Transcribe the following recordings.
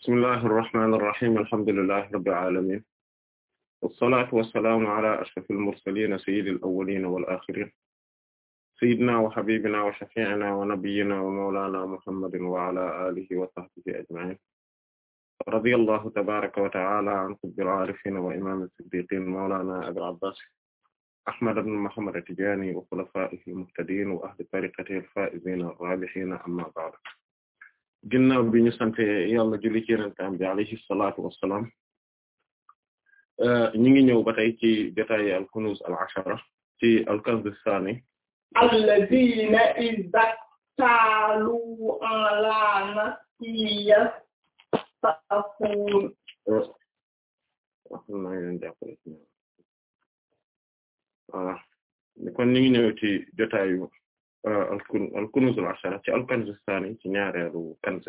bismillahi irrahmani irrahim alhamdulilahi rabilalamin walsalaatu wassalaamu ala ashraf almursalina sayidi alawalina walaxirin sayidina wa xabibina wa shafiina wa nabiyina wa mawlana muhammadin wa ala alihi wa sahbihi ajmain radia allahu tabaraka wa taala an qutbilarifina wa imam siddiqin mawlana abi abbas ahmad ibn muhammad atijani wa xulafaihi almuhtadin wa ahli tariqatihi alfaizina arrabihina amma ba'd ginnaaw bi ñu sante yàlla julli ci yenentam bi alayhi salaatu wassalaam euh, ñu ngi ñëw ba tey ci jotaay al kunuz al ashara ci al kanz as-saani alladina izaktalu ala nasiya safun kon ñu ngi ñëw ci jotaayu al kun al kunuzul ci al ci ñaareelu kanz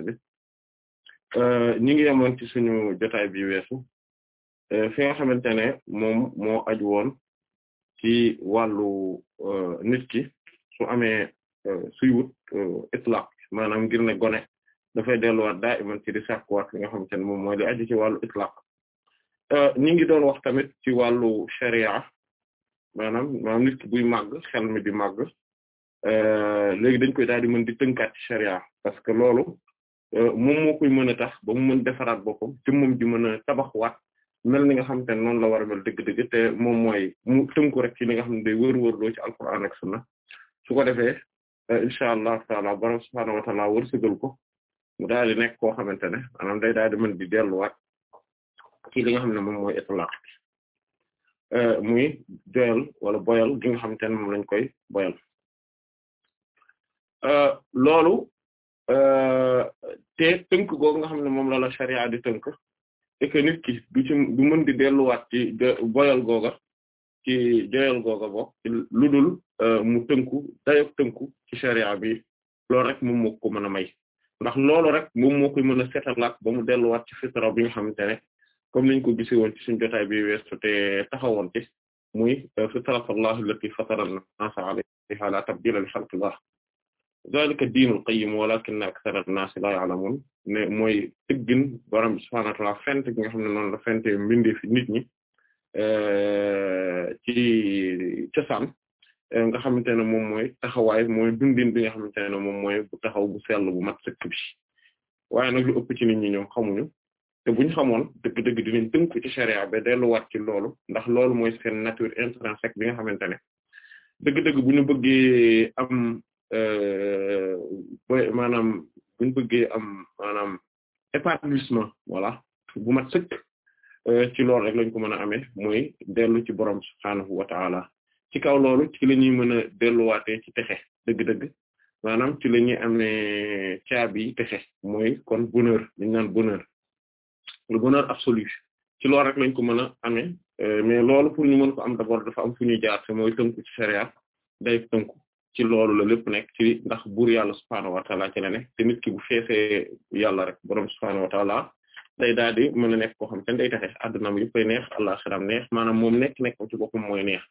ñi ngi yemoon ci suñu jotaay bi weesu fi nga xamante ne moom moo aju woon ci wàllu nit ki su amee suy wut itlaq ngir ne gone dafay delluwaat daa iman ci di sàkkuwaat nga xamante ne moom mooy li aju ci wàllu itlaq ñi ngi doon wax tamit ci wàllu sharia maanaam maanaam nit ki buy màgg xel mi di màgg Euh, léegi dañ koy daal di mën di tënkaat ci charia parce que loolu euh, moom moo koy mën a tax ba mu mën defaraat boppam ci moom ji mën a mel ni nga xam te ne noonu la war a mel dëgg-dëgg te moom mooy mu rek ci li nga xam ne day wër-wër ci alquran ak sunna su ko defee euh, incha allah taala borom subhaanahu wa taala wërsëgal ko mu daal di nekk koo xamante ne maanaam day daal di mën di ci li nga xam ne moom mooy itlaq muy doyal wala boyal gi nga xam te ne moom lañ koy boyal. Euh, loolu euh, te tënk googu nga xam ne moom la la charia di tënk et que du mën di delluwaat ci boyal googa ci joyal googa bo lu dul euh, mu tënku dayok tënku ci charia bi loolu rek moom moo ko mën a may ndax loolu rek moom moo koy mën a setalaat ba mu delluwaat ci fitra bi nga xamante ne comme niñ ko gisee woon ci suñu jotaay bi weesu te taxawoon ci muy fitrat allah allati fatara an-nasa alayha la tabdila li xalqillah zalika diinul qayyim walakinna akthara an-naasi laa ya'lamuun ne mooy tëggin borom bi subhaanahu wa fent nga xam ne noonu la fente mbindee fi nit ñi euh, ci cosaan euh, nga xamante ne moom mooy taxawaay mooy dundin bi nga xamante ne moom mooy bu taxaw bu sell bu mat sëkk bi waaye nag lu ëpp ci nit ñi ñoom xamuñu te buñ xamoon dëgg-dëgg dinañ tënku delluwaat ci loolu ndax loolu mooy seen nature nga xamante ne dëgg am boy euh, maanaam bu ñu bëggee am maanaam épanouissement voilà bu mat sëkk euh, ci loolu rek lañ ko mën a amee mooy dellu ci borom subhaanahu wa taala ci kaw loolu ci la ñuy mën a delluwaatee ci texe dëgg-dëgg maanaam ci la ñuy amee caabi texe mooy kon bonheur dañ naan bonheur le bonheur absolu ci loolu rek lañ ko mën a amee euh, mais loolu pour ñu mën ko am d'abord dafa am fu ñuy jaar te mooy tënku ci sharia day tënku ci loolu la lépp nekk ci ndax buur yàlla subhaanahu wa taala ci nit ki bu feesee yàlla rek borom subhaanahu wa day daal di mën a nekk koo xam te ne day taxe àdduna yëpp ay neex àllaxiraam neex maanaam moom nekk nekkam ci boppam mooy neex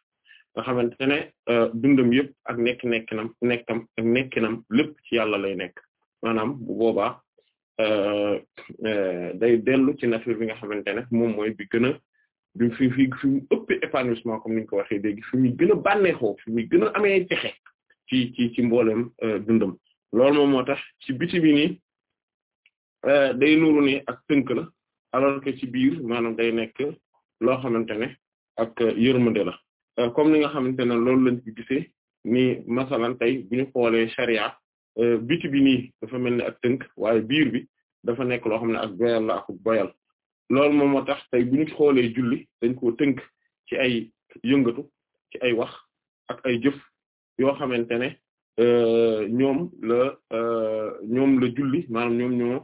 nga xamante ne euh, dundam yëpp ak nekk nekkinam nekkam ak nekkinam lépp ci yàlla lay nekk maanaam bu boobaa euh, euh, day dellu ci nature bi nga xamante ne moom mooy bi gën a bi fi fi fi mu ëpp épanouissement comme ni ñu ko waxee léegi fi muy gën a bànneexoo fi muy gën amee pexe ci ci ci mboolem euh, dundam loolu moom moo tax ci biti bi nii euh, day nuru ni ak tënk la alors que ci biir maanaam day nekk loo xamante ne ak euh, yërmande la comme ni nga xamante ne loolu lañ ci gisee ni masalan tey bu ñu xoolee charia biti bi nii dafa mel ni ak tënk waaye biir bi dafa nekk loo xam ne ak boyal la ak boyal loolu moom tax tey bu ñu xoolee julli dañ koo tënk ci ay yëngatu ci ay wax ak ay jëf yoo xamante ne euh, ñoom la euh, ñoom la julli maanaam ñoom ñoo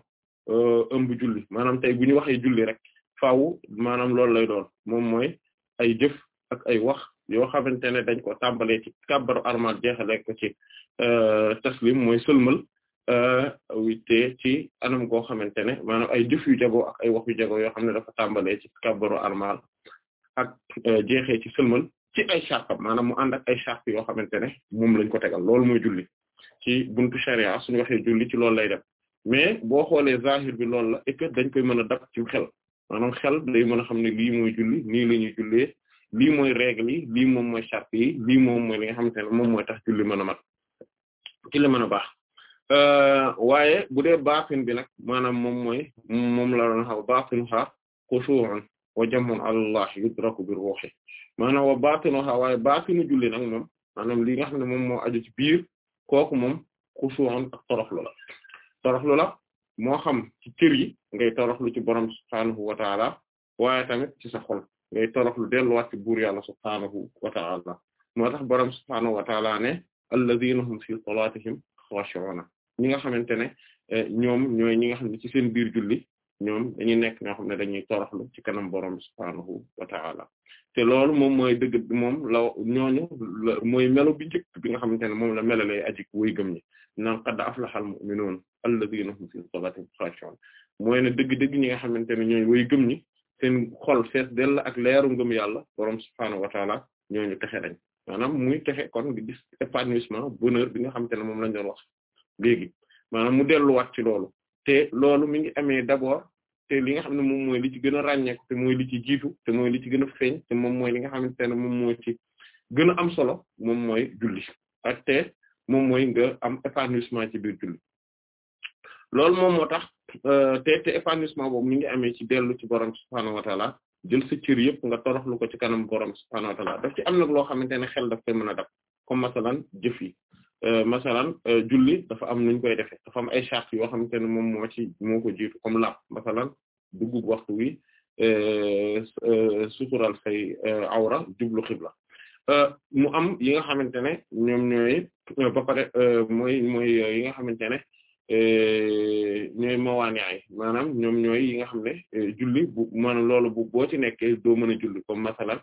euh, ëmb julli maanaam tey bu ñu waxee julli rek faaw maanaam loolu lay doon moom mooy ay jëf ak ay wax yoo xamante ne dañ ko tàmbalee ci kàbbaru armal jeexale ko ci taslim mooy sëlmal wite ci anam goo xamante ne maanaam ay jëf yu jago ay wax yu jago yoo xam ne dafa tàmbalee ci kàbbaru armal ak jeexee ci sëlmal ci ay chartam maanaam mu ànd ak ay charte yoo xamante ne moom lañ ko tegal loolu mooy julli ci buntu sharia suñu waxee julli ci loolu lay def mais boo xoolee zahir bi loolu la et que dañ koy mën a dab ci xel maanaam xel day mën a xam ne lii mooy julli nii la ñuy jullee lii mooy règle yi lii moom mooy charte yi lii moom mooy li nga xamante ne moom mooy tax julli mën a mat julli mën a baax euh, waaye bu dee baatin bi nag maanaam moom mooy moom la doon xaw baatinu xaar xushu'un wa jamun ala Allah yudraku bi ruhi maanaam wa baatinoha waaye baatinu julli nag moom maanaam li nga xam ne moom moo aju ci biir kooku moom xushu'un ak toroxlu la toroxlu la moo xam ci cër yi ngay toroxlu ci borom subhaanahu wa ta'ala waaye tamit ci sa xol ngay toroxlu delluwaat ci buur yàlla subhaanahu wa ta'ala moo tax borom subhaanahu wa ta'ala ne alladhiina hum fi salaatihim xaashi'uuna ñi nga xamante ne eh, ñoom ñooy ñi nga xam ne ci seen biir julli ñoom dañuy nekk ñoo xam ne dañuy toroxlu ci kanam borom subhaanahu wa te loolu moom mooy dëgg moom la ñooñu mooy melo bi njëkk nga xamante ne moom la melo lay aji way gëm ñi naan qad aflaha al-mu'minuun alladhiina hum fi salaatihim xaashi'uun mooy ne dëgg-dëgg ñi nga xamante ne ñooy way gëm ñi seen xol dell ak leeru ngëm yàlla borom subhaanahu wa ñooñu texe dañ maanaam muy texe kon di gis épanouissement bonheur bi nga xamante ne moom lañ doon wax léegi maanaam mu delluwaat ci loolu. te loolu mi ngi amee d'abord te li nga xam ne moom mooy li ci gën a ràññeeku te mooy li ci jiitu te mooy li ci gën a feeñ te moom mooy li nga xam xamante ne moom mooy ci gën a am solo moom mooy julli ak te moom mooy nga am épanouissement ci biir julli loolu moom moo tax euh, te te épanouissement boobu mi ngi amee ci dellu ci boram subhaanahu wa taala jël sa cër yëpp nga toroxlu ko ci kanam borom subhaanahu wa daf ci am nag loo xamante ne xel daf koy mën a dab comme masalan jëf yi Euh, masalan euh, julli dafa am nuñ koy defee dafa am ay chartes yoo xamante ne moom moo ci moo ko jiitu comme lapp masalan dugub waxtu wi euh, sutural awra jublu xibla mu am yi nga xamante ne ñoom ñooy ba pare mooy mooy yi nga xamante ne ñooy mawaaniay maanaam ñoom ñooy yi nga xam ne julli bu maanaam loolu bu boo ci nekkee doo mën a julli comme masalan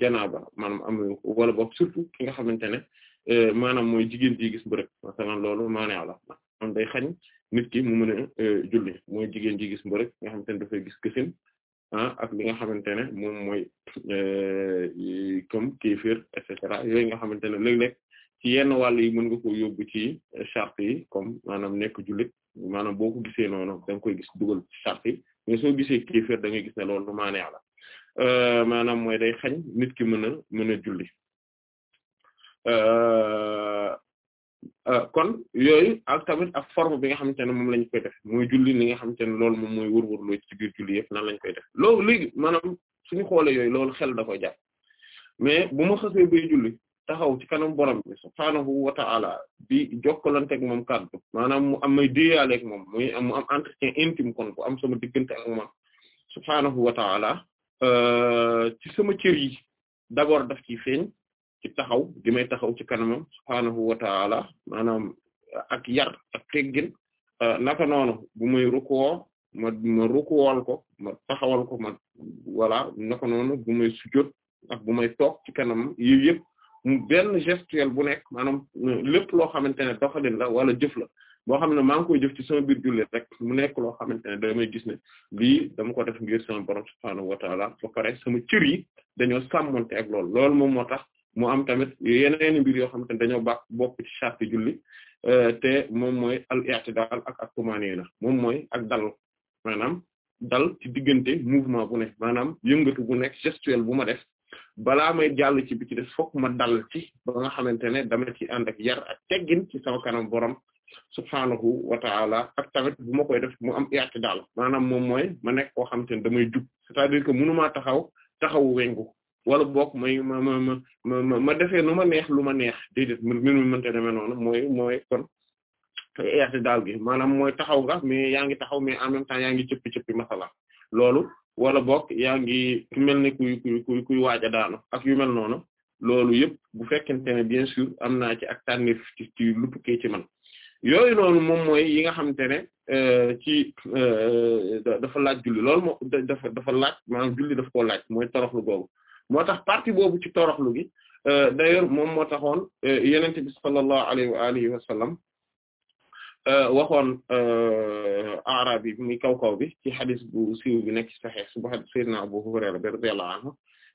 janaaba maanaam wala boog surtout ki nga xamante ne Euh, maanaam mooy jigéen ji gis mbërëg masalan loolu maanaa la am day xañ nit ki mu mën a euh, julli mooy jigéen ji gis mbërëg nga xamante ne dafay gis gësin ah ak li nga xamante ne moom mooy euh, comme kéefir et cetera nga xamante ne léeg-léeg ci yenn wàll yi mën nga ko yóbbu ci charte yi comme maanaam nekk jullit maanaam boo ko gisee noonu da koy gis dugal ci charte yi mais soo gisee kéefir da gis ne loolu maanaa la maanaam mooy day xañ nit ki mën a mën a julli Euh, euh, kon yooyu ak tamit ak forme bi nga xamante ne moom lañ koy def mooy julli li nga xamante ne loolu moom mooy wur wër loo ci biir julli yëpp nan lañ koy def loolu léegi maanaam suñu xoolee yooyu loolu xel da koy jàpp mais bu ma xasee bay julli taxaw ci kanam borom bi subhaanahu wa ta'ala bi jokkalanteeg moom kàddu maanaam mu am may déyaaleeg moom muy mu am entretien intime kon bu am sama diggante ak moom subhaanahu wa ta'ala euh, ci sama cër yi d'abord daf ciy feeñ ci taxaw gi taxaw ci kanamam subhaanahu wa la maanaam ak yar ak teggin euh, naka noonu bu may rukkoo ma ma rukkuwal ko ma taxawal ko ma voilà naka noonu bu may sujjóot ak bu may toog ci kanamam yii yëpp benn gestuel bu nekk maanaam euh, lépp loo xamante ne doxalin la wala jëf la boo xam ne maa ngi koy jëf ci sama biir jullit rek mu nekk loo xamante ne damay gis ne lii dama ko def ngir sama borom subhaanahu wa ta'ala ba pare sama cër yi dañoo sàmmonte ak loolu lool moom moo tax mu am tamit yeneen mbir yoo xam te ne dañoo baax bokk ci charte julli euh, te moom mooy al i'tidal ak ak tumaanina moom mooy ak dal maanaam dal ci diggante mouvement bu ne maanaam yëngatu bu nekk gestuel bu ma def balaa may jàll ci bi ci def fokk ma dal ci ba nga xamante ne dama ci ànd ak yar ak teggin ci sama kanam borom subhaanahu wa ta'ala ak tamit bu ma koy def mu am daal maanaam moom mooy ma nekk koo xamante ne damay jub c'est-à-dire que mënumaa taxaw taxawu wengu wala boog may ma ma ma ma defee nu ma neex lu ma neex déedéet mbir demee noonu mooy mooy kon eeti daal gi maanaam mooy taxaw nga mais yaa ngi taxaw mais en même temps yaa ngi cëppi cëppi masala loolu wala book yaa ngi mel ni kuy kuy kuy kuy waaj a ak yu mel noonu loolu yëpp bu fekkente ne bien sûr am naa ci ak tànnif ci ci lu ci man yooyu noonu moom mooy yi nga xamante ne euh, ci euh, dafa laaj julli loolu moo dafa dafa laaj maanaam julli daf ko laaj mooy toroxlu googu moo tax partie boobu ci toroxlu gi euh, d'ailleurs moom moo taxoon euh, yenente bi sallallahu alayhi wa alihi wa sallam euh, waxoon arabi bi muy kaw kaw bi ci xadis bu siiw bi nekk ci saxeex bu xadis sayyidina Abu Hurayra bi radiyallahu anhu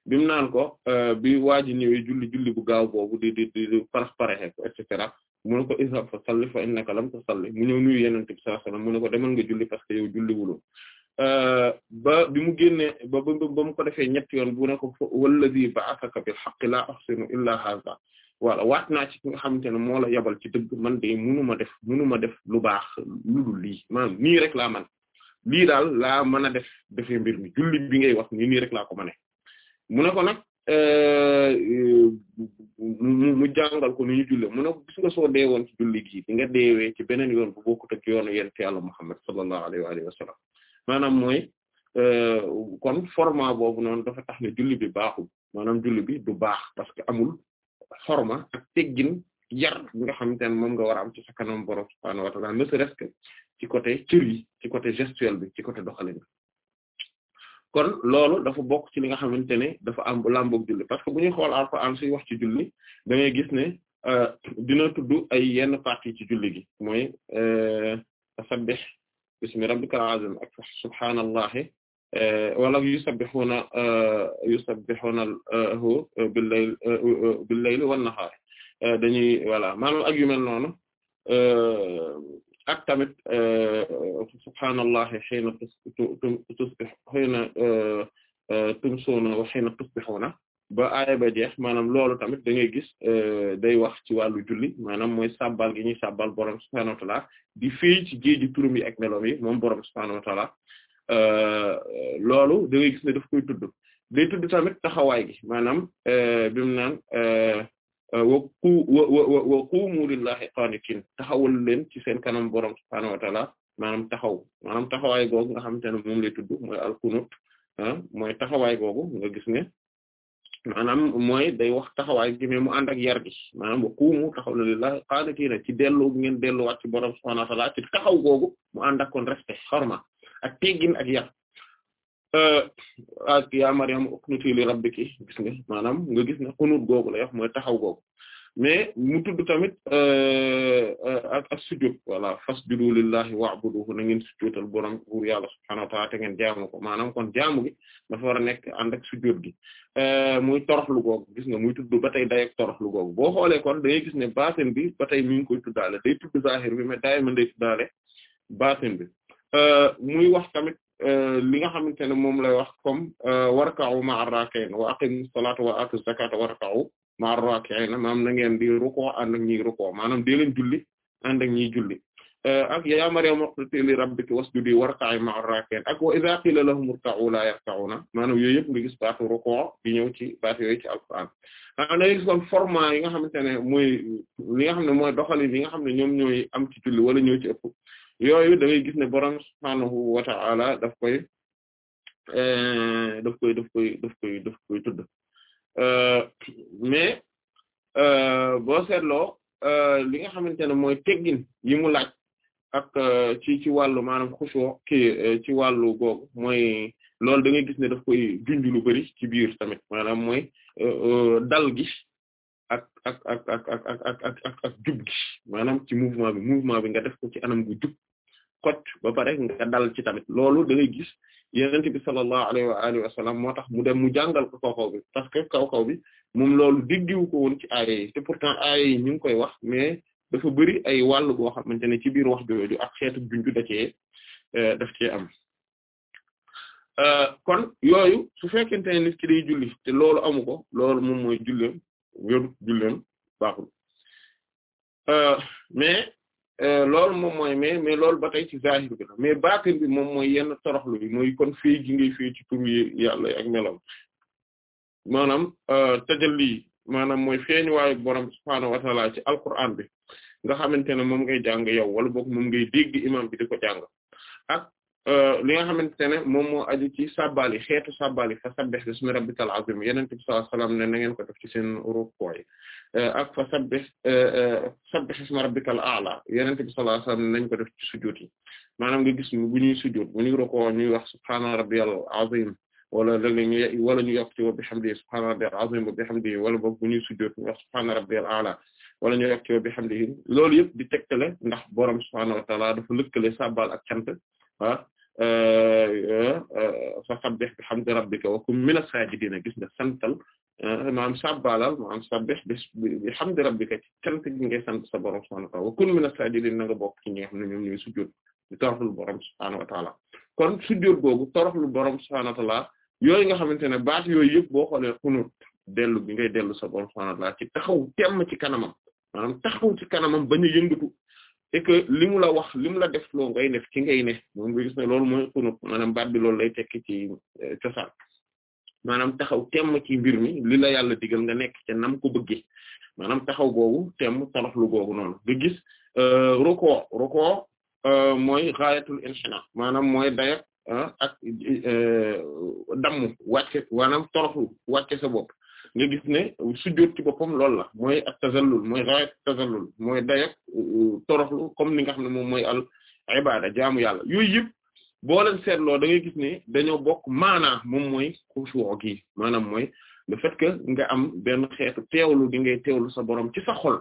bi mu naan ko bi waa ji ñëwee julli julli bu gaaw boobu di di di parax paraxe ko et cetera mu ne ko izhab fa salli fa innaka lam tusalli mu ñëw nuyu yenente bi sallallahu alayhi mu ne ko demal nga julli parce yow julli wuloo ba bi mu génnee ba ba ba mu ko defee ñetti yoon bu ne ko walladhi ba'athaka bil haqqi la illa hadha voilà waat naa ci ki nga xamante ne moo la yabal ci dëgg man de munu ma def munu ma def lu baax lu dul lii maanaam nii rek laa man lii daal laa mën a def defee mbir mi julli bi ngay wax nii nii rek laa ko mën a mu na ko nag euh, mu jàngal ko ni ñu julle mu ne ko gis nga soo dee woon ci julli gi di nga deewee ci beneen yoon bu bokkut ak yoonu yent yàlla Muhammad sallallahu alayhi wa maanaam mooy euh, kon format boobu noonu dafa tax ne julli bi baaxul maanaam julli bi du baax parce que amul xorma ak teggin yar nga xamante ne moom nga war ci sa kanam borom subhaanahu wa ta'aala ne serait que ci côté cër ci côté gestuel bi ci côté doxalin kon loolu dafa bokk ci li nga xamante ne dafa am lamboog julli parce que bu ñuy xool Alxuraan suy wax ci julli da ngay gis ne euh, dina tudd ay yenn partie ci julli gi mooy euh, tasabbih bismi rabbikal azim ak subhaanallahi wala yusabbihuna yusabbihunahu billayl billayli wan nahaar dañuy voilà maanaam ak yu mel noonu ak tamit subhaanallahi hiina tusbihuuna hiina tumsuuna wa hiina tusbihuuna ba aaya ba jeex maanaam loolu tamit da ngay gis euh, day wax ci wàllu julli maanaam mooy sabbal gi ñuy sabbal borom subhaanahu wa di fii ci géeji turum yi ak meloom yi moom borom subhaanahu wa ta'ala euh, loolu da ngay gis ne daf koy tudd day tudd tamit taxawaay gi maanaam euh, bi mu naan wa qu wa wa qumu lillahi qanitin taxawal leen ci seen kanam borom subhaanahu wa ta'ala maanaam taxaw maanaam taxawaay googu nga xamante ne moom lay tudd mooy al qunut ah, mooy taxawaay googu nga gis ne maanaam mooy day wax taxawaay gi mu ànd ak yar gi maanaam wa quumu taxaw na lillahi qaanitiina ci dellu bu ngeen delluwaat ci borom subhaanahu wa ta'aala ci taxaw googu mu ànd ak kon respect xorma ak teggin ak yar euh, ak yaa Maryam uqnutii li rabbiki gis nga maanaam nga gis ne xunut googu lay wax taxaw googu mais mu tudd tamit euh, euh, ak ak sujud voilà fasjudu lillahi wa'buduhu na ngeen sujudal borom yàlla subhaanahu wa ta'ala te ngeen jaamu ko maanaam kon jaamu gi dafa war a nekk ànd ak sujud gi euh, muy toroxlu googu gis nga muy tudd ba tey day torox toroxlu googu boo xoolee kon dangay gis ne baatin bi ba tey mi ngi koy tuddaale day tudd zahir bi mais daay mën day tuddaale baatin bi muy wax tamit li nga xamante ne moom lay wax comme warka'u ma'a raki'in wa aqimu salata wa atu a warka'u ma raki'ina maam na ngeen di rukkoo ànd ak ñiy rukkoo maanaam dee leen julli ànd ak ñiy julli euh, ak yaa Maryam uqnuti li rabbiki wasjudi warka'i ma'a raaki'iin ak wa a qiila lahum irka'uu laa yarka'uuna maanaam yooyu yëpp nga gis baatu rukkoo di ñëw ci baat yooyu ci alquran ah da ngay kon format yi nga xamante ne mooy li nga xam ne mooy doxalin yi nga xam ne ñoom ñooy am ci julli wala ñoo ci yooyu da gis ne borom subhaanahu wa ta'ala euh, daf koy daf koy daf koy daf koy daf seetloo euh, li nga xamante ne mooy teggin yi mu laaj ak euh, ci ci wàllu maanaam xushoo ki euh, ci wàllu goog mooy loolu da ngay gis ne daf koy junj lu bari ci biir tamit maanaam mooy dal gi ak ak ak jub gi maanaam ci mouvement bi mouvement bi nga def ko ci anam gu jub kot ba pare nga dal ci tamit loolu da ngay gis yenent bi sallallahu wa alihi wa sallam moo tax mu dem mu jàngal ko kaw kaw kaw kaw bi moom loolu déggiwu ko woon ci aaya yi te pourtant aaya yi ñu ngi koy wax mais dafa bëri ay wàll goo xamante ne ci biir wax jooju ak xeetu junju da cee euh, daf cee am euh, kon yooyu su fekkente ne nit ki day julli te loolu amu ko loolu moom mooy julleem wérut julleem baaxul euh, mais loolu moom mooy mais mais loolu ba tey ci zahir bi la mais baatin bi moom mooy yenn toroxlu bi mooy kon fii gi ngay fii ci turu yàlla ak melam maanaam euh, tajalli maanaam mooy feeñu waayu borom subhaanahu wa ta'ala ci alquran bi nga xamante ne moom ngay jàng yow wala bok moom ngay dégg imam bi di ko jàng ak euh, li nga xamante ne moom moo aju ci sabbali xeetu sabbali fa sabbih bismi rabbikal azim yonent bi sallallahu alayhi wasallam ne na ngeen ko def ci seen rukkoo yi euh, ak fa sabbih sabbih bismi rabbikal a'la yonent bi sallallahu alayhi ne nañ ko def ci sujjóot yi maanaam nga gis bu ñuy sujjóot bu ñuy rukkoo ñuy wax subhaana rabbiyal azim wala léeg-léeg ñu yokk ci wa bihamdihi subhaana rabbiyal aziim wa bihamdihi wala boog bu ñuy sujjóot ñu wax subhaana rabbiyal a'la wala ñu yokk ci wa bihamdihi loolu yëpp di tegtale ndax borom subhaanahu wa ta'aala dafa lëkkale sabbal ak cant ah euh, euh, fasabbih bihamdi rabbika wa kun mina saajidiina gis nga santal euh, maanaam sabbalal maanaam sabbih bihamdi rabbika ci cant gi ngay sant sa borom subhaanahu wa kun mina saajidiina na nga bokk ci ñi nga xam ne ñoom ñooy sujjóot kon sujjóot googu toroxlu borom subhaanahu wa ta'aala yooyu nga xamante ne baat yooyu yëpp boo xoolee xunut dellu bi ngay dellu sa borom subhaanahu wa ta'aala ci taxaw temm ci kanamam maanaam taxaw ci kanamam bañ a yëngatu li mu la wax li mu la def loo ngay def ci ngay ne moom nga loolu mooy xunut maanaam baat loolu lay tekki ci eh, taxaw temm ci mbir mi li la yàlla digal nga nekk ca nam ko bëggee maanaam taxaw boobu temm toroxlu boobu noonu nga gis eh, roko roko eh, mooy xaayatul inxina maanaam mooy dayak Ah, ak eh, damm wàcce maanaam toroxlu wàcce sa bopp nga gis ne sujjóot ci boppam loolu la mooy ak tazallul mooy raayat mooy dayak eh, toroxlu comme ni nga xam ne moom mooy al ibada jaamu yàlla yooyu yëpp boo leen seetloo da ngay gis ne dañoo bokk maanaa moom mooy xusuu gi maanaam mooy le fait que nga am benn xeetu teewlu gi ngay teewlu sa borom ci sa xol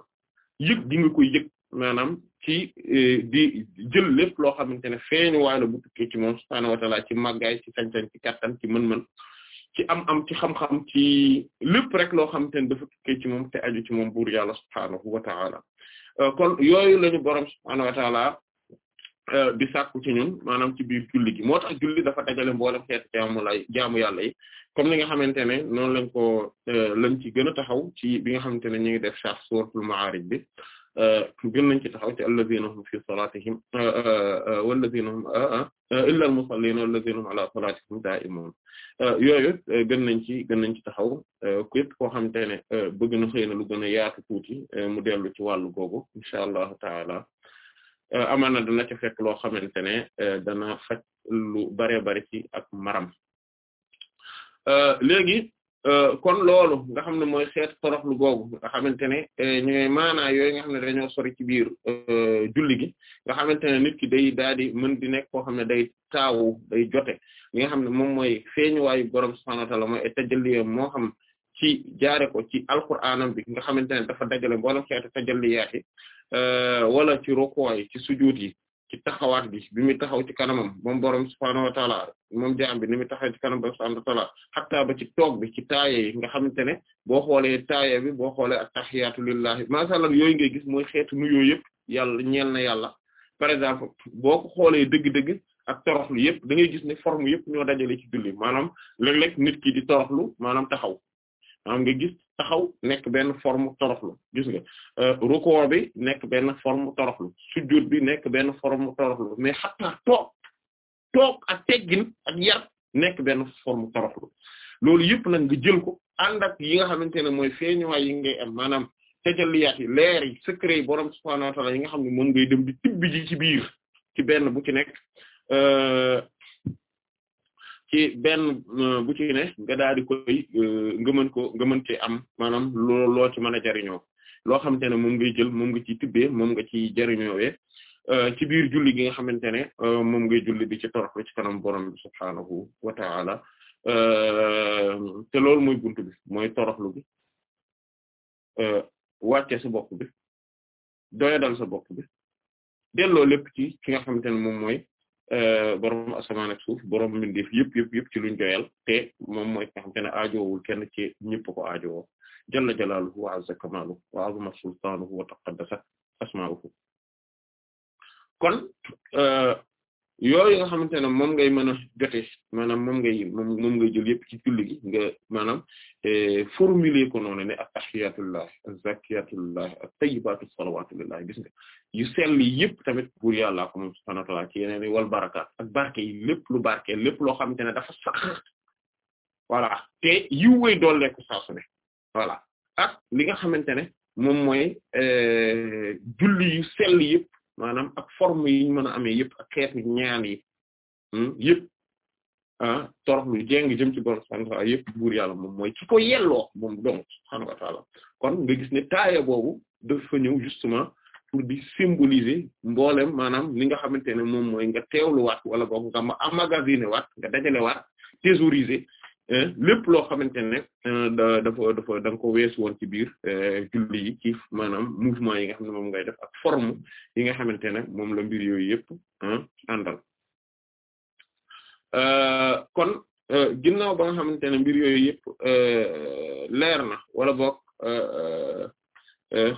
yëg koy yëg maanaam ci eh, di jël lépp loo xamante ne feeñu waay la bu tukkee ci moom subhaanahu wa ta'aala ci sañ-sañ ci kattan ci mën-mën ci am-am ci xam-xam ci lépp rek loo xamante ne dafa tukkee ci moom te aju ci moom buur yàlla subhaanahu wa ta'aala eh, kon yooyu lañu boroom subhaanahu wa ta'aala eh, di sàkku ci ñun maanaam ci biir julli gi moo tax julli dafa dajale mboolem xeetu jaamu lay jaamu yàlla yi comme li nga xamante ne noonu lañ ko lañ ci gën a taxaw ci bi nga xamante ne ñu ngi def sharh bi gën nañ ci taxaw ci alladhina hum fi salatihim walladhina hum illa al-musallina walladhina hum ala salatihim da'imun yooyu gën nañ ci gën nañ taxaw képp koo xamante ne bëgg na xëy na lu gën a yaatu tuuti mu dellu ci wàllu googu insha allahu taala amaana dana ca fekk loo xamante ne dana faj lu bare bari ci ak maram léegi Euh, kon loolu nga xam ne mooy xeet toroxlu googu nga xamante ne euh, ñooy maanaa yooyu nga xam ne dañoo sori ci biir euh, julli gi nga xamante ne nit day daal di mën di koo xam ne day taawu day jote li nga xam ne moom mooy feeñuwaayu borom subhaanahu wa ta'aala mooy tajalliyeem moo xam ci jaare ko ci alquraanam bi nga xamante ne dafa dajale mboolem xeetu tajalliyaat yi wala ci rukkoo yi ci sujuud yi ci taxawaat bi bi muy taxaw ci kanamam moom borom subhaanahu wa taala moom jaam bi ni muy taxaw ci kanam borom subhaanahu wa taala xataa ba ci toog bi ci taaye nga xamante ne boo xoolee taaye bi boo xoolee attahiyaatu lillahi macha allah yooyu ngay gis mooy xeetu nuyoo yëpp yàlla ñeel na yàlla par exemple boo ko xoolee dëgg-dëgg a toroxlu yëpp da ngay gis ne forme yëpp ñoo dajale ci julli maanaam lek léeg nit ki di toroxlu maanaam taxaw maanaam nga gis taxaw nekk benn forme toroxlu gis nga euh, rukkoo bi nekk benn forme toroxlu sujjóot bi nekk benn forme toroxlu mais xataa toog toog ak teggin ak yar nekk benn forme toroxlu loolu yëpp nag nga jël ko ànd yi nga xamante ne mooy feeñuwaay yi ngay am maanaam tajalliyaat yi leer yi secret yi borom subhaanahu wa yi nga xam ne moom ngay dem di tibbi ji ci biir ci benn bu ci nekk euh, ci benn euh, bu ci ne nga daal di koy euh, nga mën ko nga mën ci am maanaam loo loo ci mën a jariñoo loo xamante ne moom ngay jël moom nga ci tibbee moom nga ciy jariñoowee euh, ci biir julli ki nga xamante ne moom ngay julli bi ci toroxlu ci kanam borom bi subhaanahu wa ta'ala te loolu moy buntu bi mooy toroxlu bi wàcce sa bopp bi doyadal sa bopp bi delloo lépp ci ki nga xamante ne moom mooy Euh, borom asamaan ak suuf borom mbindeef yëpp yëpp yëpp ci luñ joyal te moom mooy nga xam te ne aajowul kenn ci ko aajowoo jalla jalaaluhu wa azza kamaaluhu wa azuma sultaanuhu wa taqaddasa asmaa'uhu kon euh, yooyu nga xamante ne moom ngay mën a jote maanaam moom ngay moom moom ngay jël yëpp ci julli gi nga maanaam eh, formuler ko noonu ne ak tahiyatullah zakiyatullah ak tayyibatu salawatu lillah gis nga yu sell yëpp tamit buur yàllaa ko moom subhanahu wa ta'ala ci yeneen wal ak barke yi lépp lu barke lépp loo xamante ne dafa sax voilà te yiw way doollee ko saa su ne voilà ak li nga xamante ne moom mooy eh, julli sell yëpp maanaam ak forme yi ñu mën a amee yëpp ak xeetu ñaan yi hmm, yëpp ah torox lu jëm ci borom subhaanahu wa ta'aala yëpp buur yàlla moom mooy ki ko yelloo moom dong subhaanahu wa ta'aala kon nga gis ne taaya boobu dafa ñëw justement pour di symboliser mboolem maanaam li nga xamante ne moom mooy nga teewlu waat wala boog nga ma emmagasiné waat nga dajale waat thésauriser Euh, lépp loo xamante ne euh, dafa dafa da ko weesu woon ci biir euh, julli maanaam mouvement yi nga xam ne moom ngay def ak forme yi nga xamante ne moom la mbir yooyu yëpp àndal kon ginnaaw ba nga xamante ne mbir yooyu yëpp leer na wala boog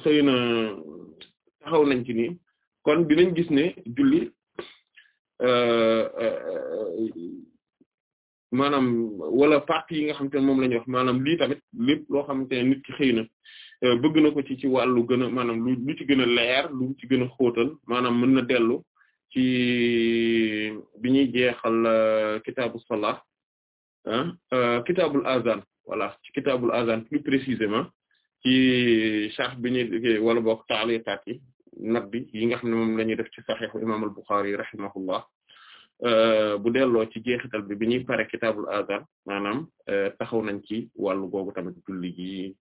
xëy na taxaw nañ ci kon dinañ gis ne maanaam wala parties yi nga xamante ne moom la ñuy wax maanaam lii tamit lépp loo xamante ne nit ki xëy na euh, bëgg na ko ci ci wàllu gën a maanaam lu lu ci gën a leer lu ci gën a xóotal maanaam mën na dellu ci bi ñuy jeexal euh, kitaabu salah ah euh, kitaabul azan wala ci kitaabul azan plus précisément ci sharh bi ñuy wala book taaliqaat yi bi yi nga xam ne moom la ñuy def ci saxiixu imaam al Buxaari Euh, bu delloo ci jeexital bi bi ñuy pare kitaabul azan maanaam euh, taxaw nañ ci wàllu googu tamit julli gi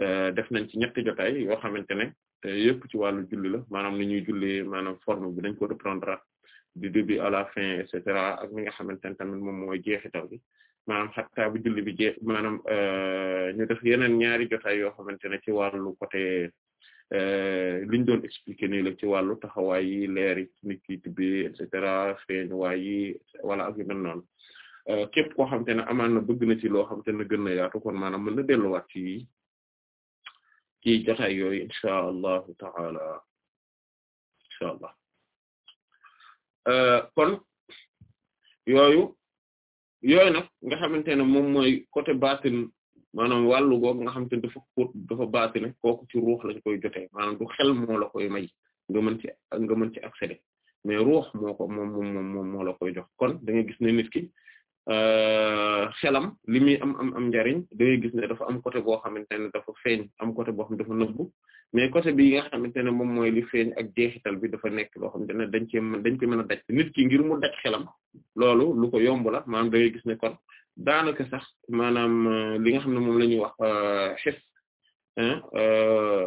euh, def nañ ci ñetti jotaay yoo xamante ne yëpp ci wàllu julli la maanaam ni ñuy julli maanaam forme bi dañ ko reprendre du début à la fin et cetera ak mi nga xamante ne tamit moom mooy jeexital bi maanaam xataa bu julli bi jeex maanaam ñu def yeneen ñaari jotaay yoo xamante ne ci wàllu côté Euh, liñ doon expliquer nii ci wàllu taxawaay yi leer yi nit ki et cetera feeñuwaay yi wala a yu mel noonu euh, képp koo xamante ne amaan na bëgg na ci loo xamante ne gën na yaatu kon maanaam mën na delluwaat ci ci jotaay yooyu incha allahu taala incha allah euh, kon yooyu yooyu nag nga xamante ne moom mooy côté baatin maanaam wàllu googu nga xam te dafa xóot dafa baati ne kooku ci ruux lañ koy jotee maanaam du xel moo la koy may nga mën ci nga mën ci accéder mais ruux moo ko moom moom moom moo la koy jox kon da nga gis ne nit ki euh, xelam li muy am am am njariñ da ngay gis ne dafa am côté boo xamante ne dafa feeñ am côté boo xam dafa nëbbu mais côté bi nga xamante ne moom mooy li feeñ ak jeexital bi dafa nekk loo xamante ne dañ cee dañ mën a daj nit ki ngir mo daj xelam loolu lu ko yomb la maanaam da ngay gis ne kon daanaka sax maanaam euh, li nga xam ne moom la ñuy wax euh, xef euh,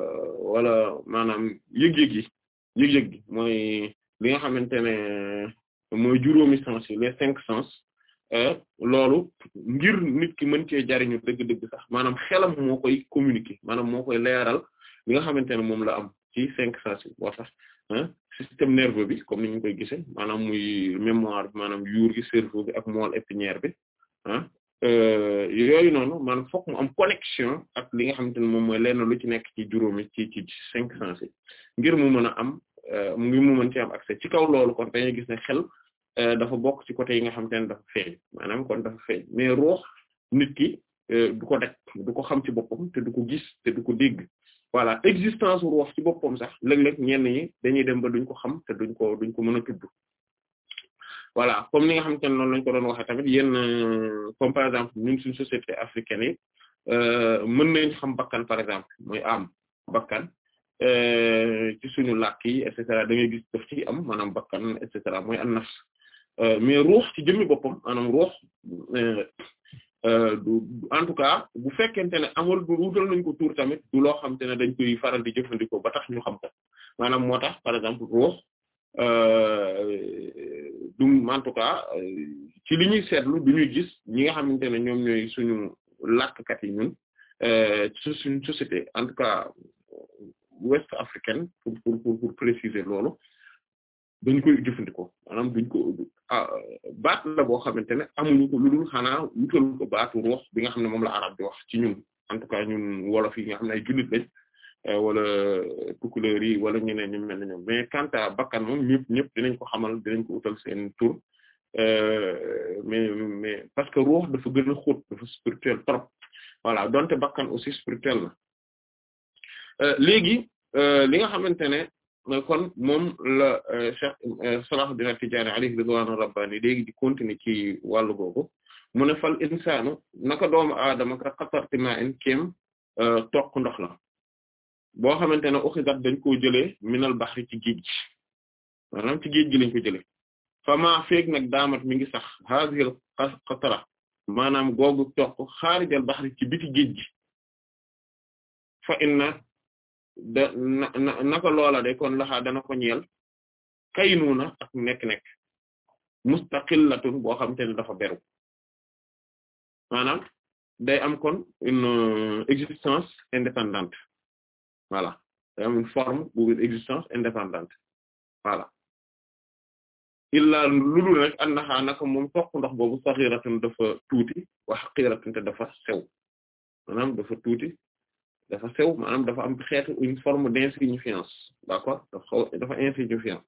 wala maanaam yëg-yëg yi yëg-yëg gi mooy li nga xamante ne mooy juróomi sens yi les cinq sens loolu ngir nit ki mën cee jariñu dëgg-dëgg sax maanaam xelam moo koy communiquer maanaam moo koy leeral li nga xamante ne moom la am ci cinq sens yi boo sax système nerveux bi comme ni ñu koy gisee maanaam muy mémoire bi maanaam yuur gi bi ak moelle épinière bi ah yooyu noonu man fokk mu am connexion ak li nga xamante ne moom mooy lenn lu ci nekk ci juróomi ci ci cinq sens ngir mu mën a am euh, ngir mu mën ci am accès ci kaw loolu kon dañuy gis ne xel euh, dafa bokk ci côté yi nga xam ne dafa feeñ maanaam kon dafa feeñ mais ruux nit ki du ko daj du ko xam ci boppam te du ko gis te du ko dégg voilà existence ruux ci boppam sax léeg-léeg ñenn ñi dañuy dem ba duñ ko xam te duñ ko duñ ko mën a tudd voilà comme ni nga xamante ne noonu lañu ko doon waxee tamit yéen euh, comme par exemple ñun suñu société africaine yi euh, mën nañ xam bakkan par exemple mooy am bakkan euh, ci suñu yi et cetera da ngay gis am maanaam bakkan et cetera mooy an nafs mais ruux ci jëmmi boppam maanaam ruux du en tout cas bu fekkente ne amul bu wutal nañ ko tuur tamit du loo xamante ne dañ koy faral di jëfandikoo ba tax ñu xam ko maanaam moo tax par exemple ruux Euh, du en tout euh, ci li ñuy seetlu du ñuy gis ñi nga xamante ne ñoom ñooy suñu làkkat yi ñun euh, ci suñu société en tout cas ouest africaine pour pour dañ koy jëfandikoo maanaam duñ ko ah, baat la boo xamante ne amuñu ko lu dul xanaa wutal ko baatu ruux bi nga xam ne moom la arab di wax ci ñun en tout cas ñun wolof yi nga xam ne ay jullit lañ Euh, wala tukkuleer euh, yi wala ñu ne ñu mel ne ñoom mais quant à bakkan moom ñëpp dinañ ko xamal dinañ ko utal seen tur euh, mais mais parce que ruux dafa gën a xóot dafa spirituel trop voilà donte bakkan aussi spirituel la léegi li nga xamante ne. kon moom la Cheikh Salahuddin At-Tidjânî alayhi ridwaanu rabbaani léegi di continuer ci wàllu googu mu ne fal insaanu naka doomu aadama ka qatarti maa'in kéem toq ndox la boo xamante ne uxizat dañ koo jëlee minal baxri ci géej gi ci géej gi lañ ko jëlee fama feeg nag daamat mi ngi sax haazihil qatra maanaam googu toq xaarijal baxri ci biti géej gi fa inna naka loola de kon laxaa dana ko ñeel kaynuuna ak nekk-nekk mustaqillatun boo xamante ne dafa beru maanaam day am kon une euh, existence indépendante voilà day une forme ou une existence indépendante voilà illaa lu dul rek annaha naka moom toq ndox boobu saxiratun dafa tuuti wa haqiratun te dafa sew maanaam dafa tuuti dafa sew maanaam dafa am une forme d'insignifiance d'accord dafa xaw dafa insignifiant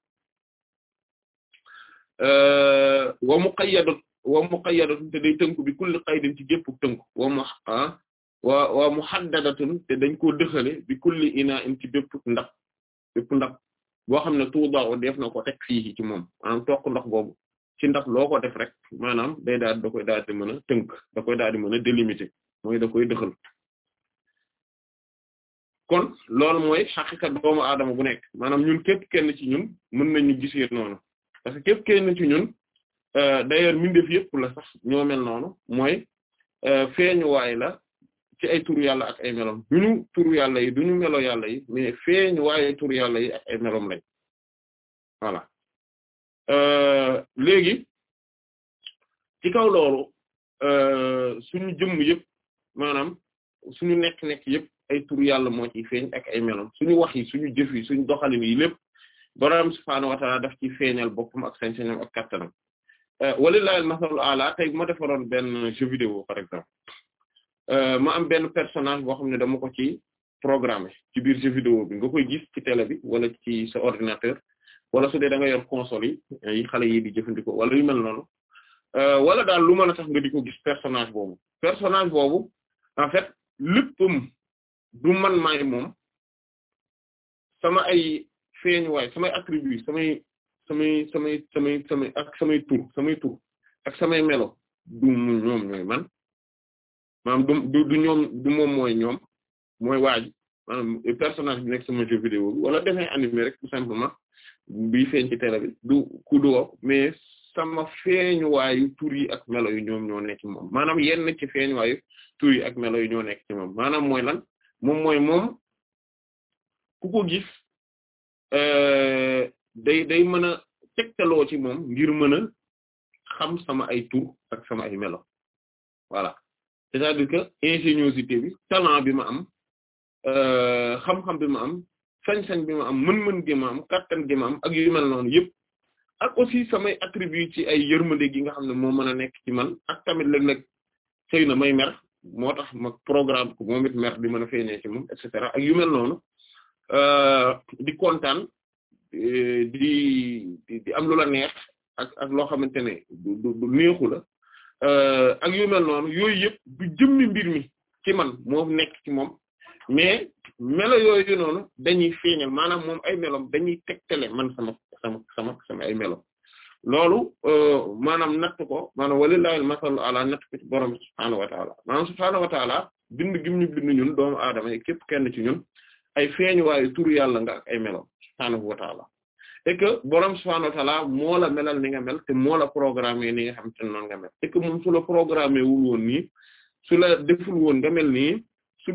euh, wa muqayyadatu wa muqayyadatun te day tënku bi kulli qaydin ci gépp tënku wa mu ah wa wa muhaddadatun te dañ koo dëxale bi kulli ina in ci bépp ndax bépp ndax boo xam ne tuudaw def na ko teg fii ci moom maanaam toq ndox boobu ci ndax loo ko def rek maanaam day daal da koy daal di mën a tënk da koy daal di mën a délimiter mooy da koy dëxal kon loolu mooy xaqiqa doomu aadama bu nekk maanaam ñun képp kenn ci ñun mën ñu gisee noonu parce que képp kenn ci ñun euh, d'ailleurs mbindeef yëpp la sax ñoo noonu mooy euh, feeñuwaay la ci ay turu yàlla ak ay melom duñu turu yàlla yi duñu melo yàlla yi mais feeñ waaye tur yàlla yi ak ay melom lañ voilà euh, léegi ci kaw loolu euh, suñu jëmm yëpp maanaam suñu nekk-nekk yëpp ay tur yàlla moo ciy feeñ ak ay melom suñu wax yi suñu jëf yi suñu doxalin yi lépp borom subhaanahu wa ta'aala daf ciy feeñal boppam ak sañ-sañam ak kattanam euh, walillahi al-masalul a'la tey bu ma benn jeu vidéo par exemple Euh, ma am benn personnage boo xam ne dama ko ci programmé ci biir jeu vidéo bi nga koy gis ci télé bi wala ci sa ordinateur wala su dee da nga yor console yi xale yi di jëfandikoo wala yu mel noonu euh, wala daal lu mën a tax nga di ko gis personnage boobu personnage boobu en fait léppam du man maay moom sama ay waay samay attributs samay samay samay samay samay ak samay tur samay tur ak samay melo du ñoom ñooy man maanaam du du du moom mooy ñoom mooy waaj maanaam personnage bi nekk sama jeu vidéo bi wala dafay animé rek tout simplement bi feeñ ci télé bi du ku doo mais sama feeñuwaayu tur yi ak melo yu ñoom ñoo nekk ci moom maanaam yi ak melo yu ñoo nekk moom maanaam mooy lan moom mooy moom ku ko gis euh, day day mën a tegtaloo ci moom ngir mën a xam sama ay tur ak sama ay melo voilà c'est-à-dire que ingéniosité bi talent bi ma am euh, xam-xam bi ma am sañ-sañ bi ma am mën-mën gi ma am kattan gi ma am ak yu mel noonu yëpp ak aussi samay attribut ci ay yërmande gi nga xam ne moo mën a nekk ci man ak tamit léeg-léeg xëy na may mer moo tax ma programme ko moom it mer bi mën a feeñee ci moom et cetera ak yu mel noonu euh, di kontaan euh, di di am lu la neex ak ak loo xamante ne du du neexu la Euh, ak yu mel noonu yooyu yëpp du jëmmi mbir mi ci man moo nekk ci moom mais melo yooyu noonu dañuy feeñal maanaam moom ay melom dañuy tegtale man sama sama sama sama ay melo loolu euh, maanaam natt ko maanaam walillahi al ala natt ko ci borom subhaanahu wa taala maanaam subhaanahu wa taala bind gim ñu doomu aadama yi képp kenn ci ñun ay feeñuwaayu turu yàlla nga ak ay melo subhaanahu wa et que borom subhaanahu wa ta'aala moo la melal ni ngamel te moo la programmé ni nga xam te noonu nga mel et que moom su la programmé wul woon nii su la deful woon nga mel nii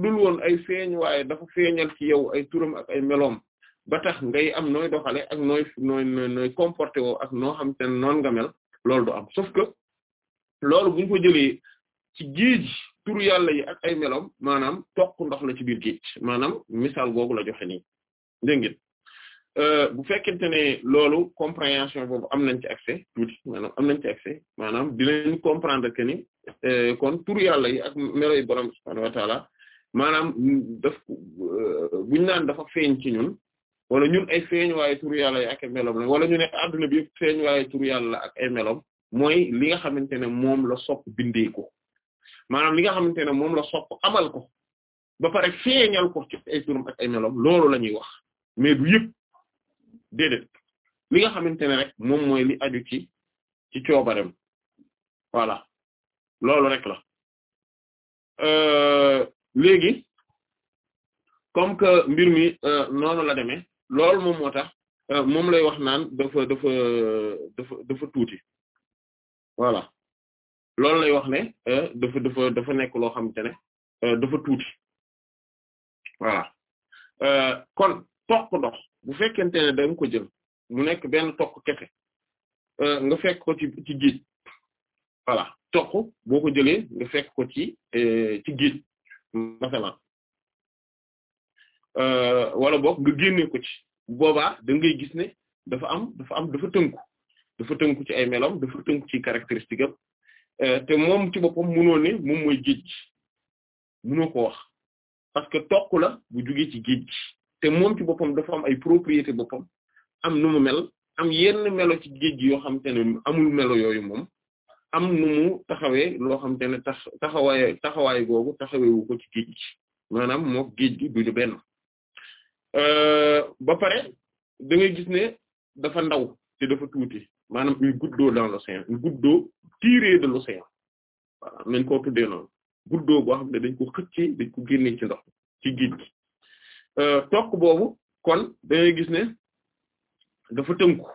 woon ay feeñ waaye dafa feeñal ci yow ay turam ak ay meloom ba tax ngay am nooy doxale ak nooy nooy nooy comporté woo ak noo xam te ne noonu nga loolu du am sauf que loolu bu ñu ko jëlee ci géej turu yàlla yi ak ay meloom maanaam toq ndox la ci biir géej maanaam misaal googu la joxe nii dégg Euh, bu fekkente ne loolu compréhension boobu am nañ ci am nañ ci accès maanaam dinañ comprendre que ni euh, kon tur yàlla yi ak melo yi borom subhaanahu wa taala maanaam daf euh, buñ naan dafa feeñ ci ñun wala ñun ay feeñ waaye tur yàlla yi ak ay melom wala ñu ne adduna bi yëpp feeñ waaye tur yàlla ak ay melom mooy li nga xamante ne moom la sopp bindee ko maanaam li nga xamante ne moom la sopp amal ko ba pare feeñal ko ci ay melom loolu la ñuy wax mais du yëpp déedéet li nga xamante ne rek moom mooy li aju ci ci coobarem voilà loolu rek la euh, léegi comme que mbir mi euh, noonu la demee loolu moom moo tax euh, moom lay wax naan dafa dafa dafa dafa tuuti voilà loolu lay wax ne dafa dafa dafa nekk loo xamante ne dafa tuuti voilà kon toq ndox bu fekkente ne da nga ko jël mu nekk benn toq kese euh, nga fekk ci ci géej voilà toq boo ko jëlee nga fekk ko ci euh, ci géej masalan euh, wala boog nga génne ko ci boobaa da ngay gis ne dafa am dafa am dafa tënku dafa tënku ci ay melam dafa tënku ci caractéristique am te moom ci boppam mënoo ne moom mooy géej gi mënoo ko wax parce que toq la bu jugee ci géej gi te moom ci boppam dafa am ay propriété boppam am nu mu mel am yenn melo ci géej gi yoo xamante ne amul melo yooyu moom am nu mu taxawee loo xamante ne tax taxawaay taxawaay googu taxaweewu ko ci géej gi maanaam moom géej gi duñu benn euh, ba pare da ngay gis ne dafa ndaw te dafa tuuti maanaam une goutte d'eau dans l'océan une goutte d'eau tirée de l'océan nañ koo tuddee noonu goutte d'eau xam ne dañ ko xëccee dañ ko génnee ci ndox ci géej gi Euh, tokk boobu kon da ngay gis ne dafa tënku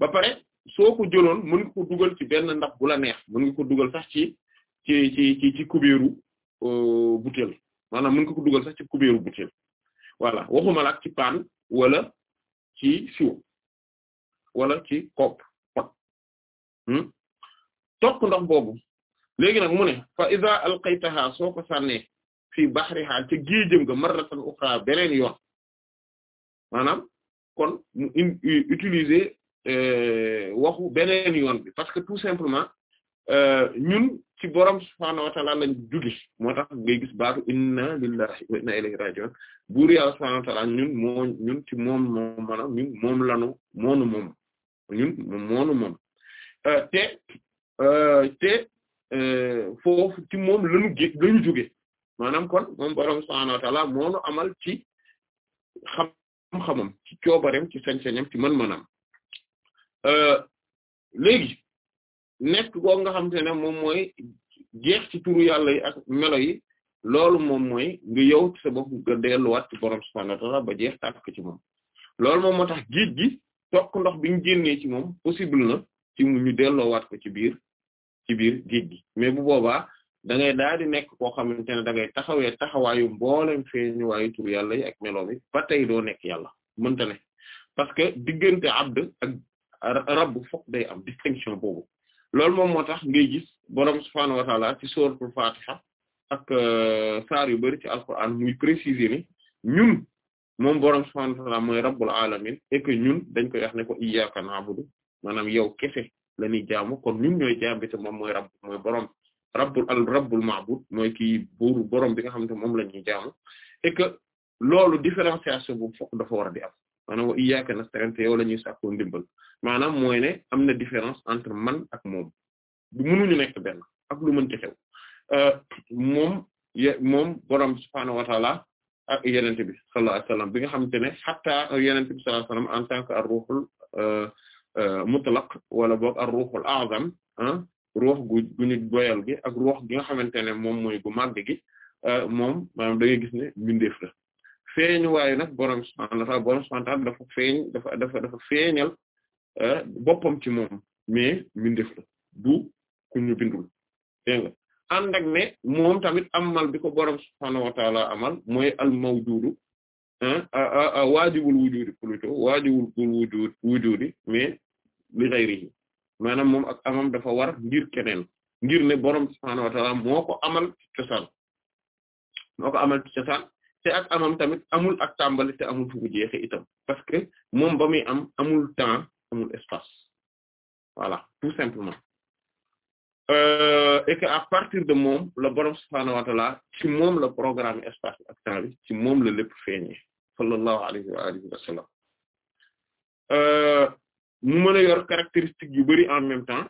ba pare soo ko jëloon mën nga dugal ci benn ndax bu la neex mën nga ko dugal sax ci ci ci ci ci kubéeru euh, butéel maanaam dugal sax ci kubéeru butéel voilà waxuma la ak ci paan wala ci siw wala ci kopp pot hmm? tokk ndox boobu léegi nag mu ne fa iza alqaytaha soo ko sànnee fii bahriha ca géejëm nga marratan ukhra beneen yoon maanaam kon mu utiliser euh, waxu beneen yoon bi parce que tout simplement euh, ñun ci borom subhaanahu wa jugi moo tax ngay gis baatu inna lillahi wa inna ilayhi ñun moo ñun ci moom moom maanaam ñun moom lanu moom ñun moonu moom euh, te te foofu ci moom lañu gé maanaam kon mom borom subhaanahu wa ta'aala moo amal ci xam-xamam ci coobareem ci sañ-sañam ci mën-mënam euh, léegi nekk boo nga xam te ne moom mooy jeex ci turu yàlla yi ak melo yi loolu moom mooy nga yow ci sa bopp nga delluwaat ci borom subhaanahu wa ba jeex tàkk ci moom loolu moom moo tax géej gi tokk ndox bi ñu génnee ci moom possible na ci mu ñu delloowaat ko ci biir ci biir géej gi mais bu boobaa. da ngay daal di nekk koo xamante ne da ngay taxawee taxawaayu mboolem feeñuwaayu tur yàlla ak melo yi ba tey doo nekk yàlla mënta ne parce que diggante abd ak rabb fokk day am distinction boobu loolu moom moo tax ngay gis boroom subhaanahu wa taala ci suratul fatiha ak euh, saar yu bari ci alquran muy préciser ni ñun moom boroom subhaanahu wa taala mooy rabbul alamin et ñun dañ koy wax ne ko iyyaka na'budu maanaam yow kese la ñuy jaamu kon ñun ñooy jaam bi te moom mooy rabb boroom rabbul al rabbul ma'bud mooy kii buur borom bi nga xamante moom la ñuy jaamu et que loolu différenciation boobu fokk dafa war a di am maanaam wa ñuy sàkkoo ndimbal maanaam mooy ne am na différence entre man ak moom bu mënuñu nekk lu mën ci euh, moom borom subhaanahu wa ta'ala ak yenente bi sallallahu bi nga xamante ne xataa yenente bi ar-ruhul euh, euh, mutlaq wala boog ar-ruhul a'zam ruux gu gu boyal doyal gi ak ruux gi nga xamante ne moom mooy gu màgg gi euh, moom maanaam da ngay gis ne mbindeef la feeñ waaye nag borom subhaanahu wa dafa feeñ dafa dafa dafa feeñal euh, boppam ci moom mais la du ku ñu bindul dégg moom tamit amal bi ko borom subhaanahu wa ta'aala amal mooy al mawjuudu waajibul wujuudi plutôt waajibul wujudi mais li maanaam moom ak amam dafa war ngir keneen ngir ne borom subhaanahu wa ta'aala amal cosaan te ak amam tamit amul ak tàmbali te amul fu mu jeexee itam parce que moom ba muy am amul temps amul espace voilà tout simplement euh, et que à partir de moom la borom subhaanahu wa ci moom la programme espace ak temps ci moom la lépp feeñee sallallahu alayhi wa mu mën a yor caractéristique yu bari en même temps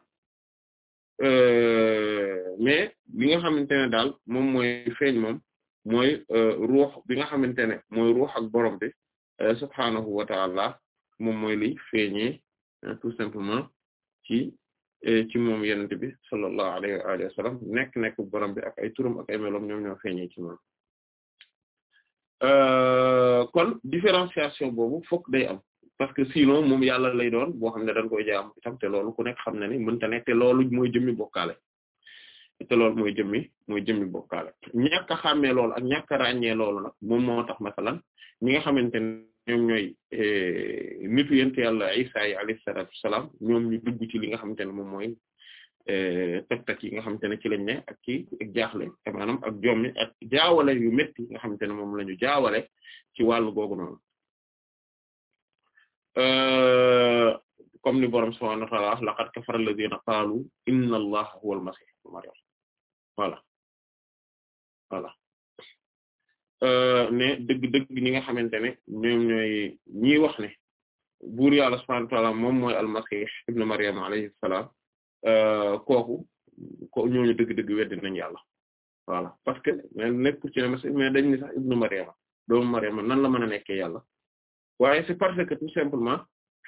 euh, mais li nga xamante ne daal moom mooy feeñ moom mooy euh, ruux bi nga xamante ne mooy ruux ak borom bi euh, subhaanahu wa ta'ala moom mooy li feeñee tout simplement ci ci moom yenent bi sallallahu alayhi wa alihi wa sallam nekk nekk borom bi ak ay turam ak ay ñoom ñoo feeñee ci moom kon différenciation boobu fokk day am parce que sinon moom yàlla lay doon boo xam ne dañ koy jaam itam te loolu ku nekk xam na ne mënta ne te loolu mooy jëmmi bokkaale te loolu mooy jëmmi mooy jëmmi bokkaale ñàkk a xàmmee loolu ak ñàkk a ràññee loolu moom moo tax masalan ñi nga xamante ne ñoom ñooy eh, nitu yent yàlla Isa yi alayhi salaatu wassalaam ñoom ñu ci li nga xamante ne moom mooy eh, teg-teg yi nga xamante ne ci lañ ne ak ci ak jaaxle ak jommi ak jaawale yu métti nga xamante ne moom la ñu jaawale ci wàllu googu noonu Euh, comme ni borom subhaanahu wa ta'aala wax laqad kafara alladhiina qaalu inna allaha huwa al-masiih ibn euh, ne dëgg-dëgg ñi nga xamante ne ñoom ñooy ñiy wax ne buur yàlla subhaanahu wa ta'aala moom mooy al-masiih ibn maryam alayhi salaam euh, kooku ko ñooñu dëgg-dëgg weddi nañ yàlla voilà parce que nekkul ci ne mais dañ ni sax ibnu maryam doomu maryam nan la mën a nekkee yàlla waaye c'est parce que tout simplement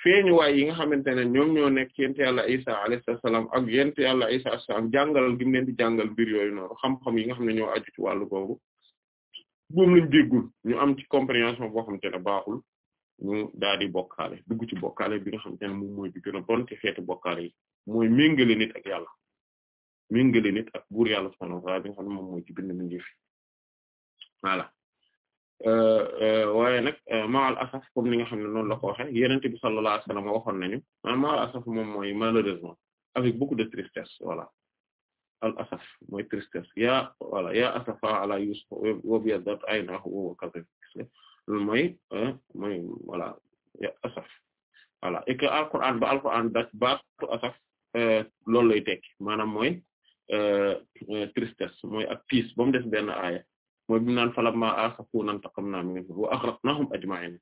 feeñu waay yi nga xamante ne ñoom ñoo nekk yent yàlla isa alayhi salaam ak yent yàlla isa alayhi salaam jàngalal gi jàngal mbir yooyu noonu xam-xam yi nga xam ne ñoo aju ci wàllu googu moom lañ ñu am ci compréhension boo xamante ne baaxul ñu daal di bokkaale dugg ci bokkaale bi nga xamante ne moom mooy bi gën a bon ci yi mooy méngale nit ak yàlla méngale nit ak buur yàlla subhaanahu wa ne moom mooy ci bind mi ngi waaye nag euh, maal asaf comme ni nga xam ne noonu la ko waxe yenente bi sallallahu alayhi wasallam waxoon nañu maanaam maal asaf al asaf mooy tristesse yaa voilà yaa asafa ala yusuf loolu mooy maanaam mooy euh, tristesse mooy des benn aaya mooy bi mu naan falammaa aasafuna intaqamnaa minhum wa aghraqnaahum ajma'iin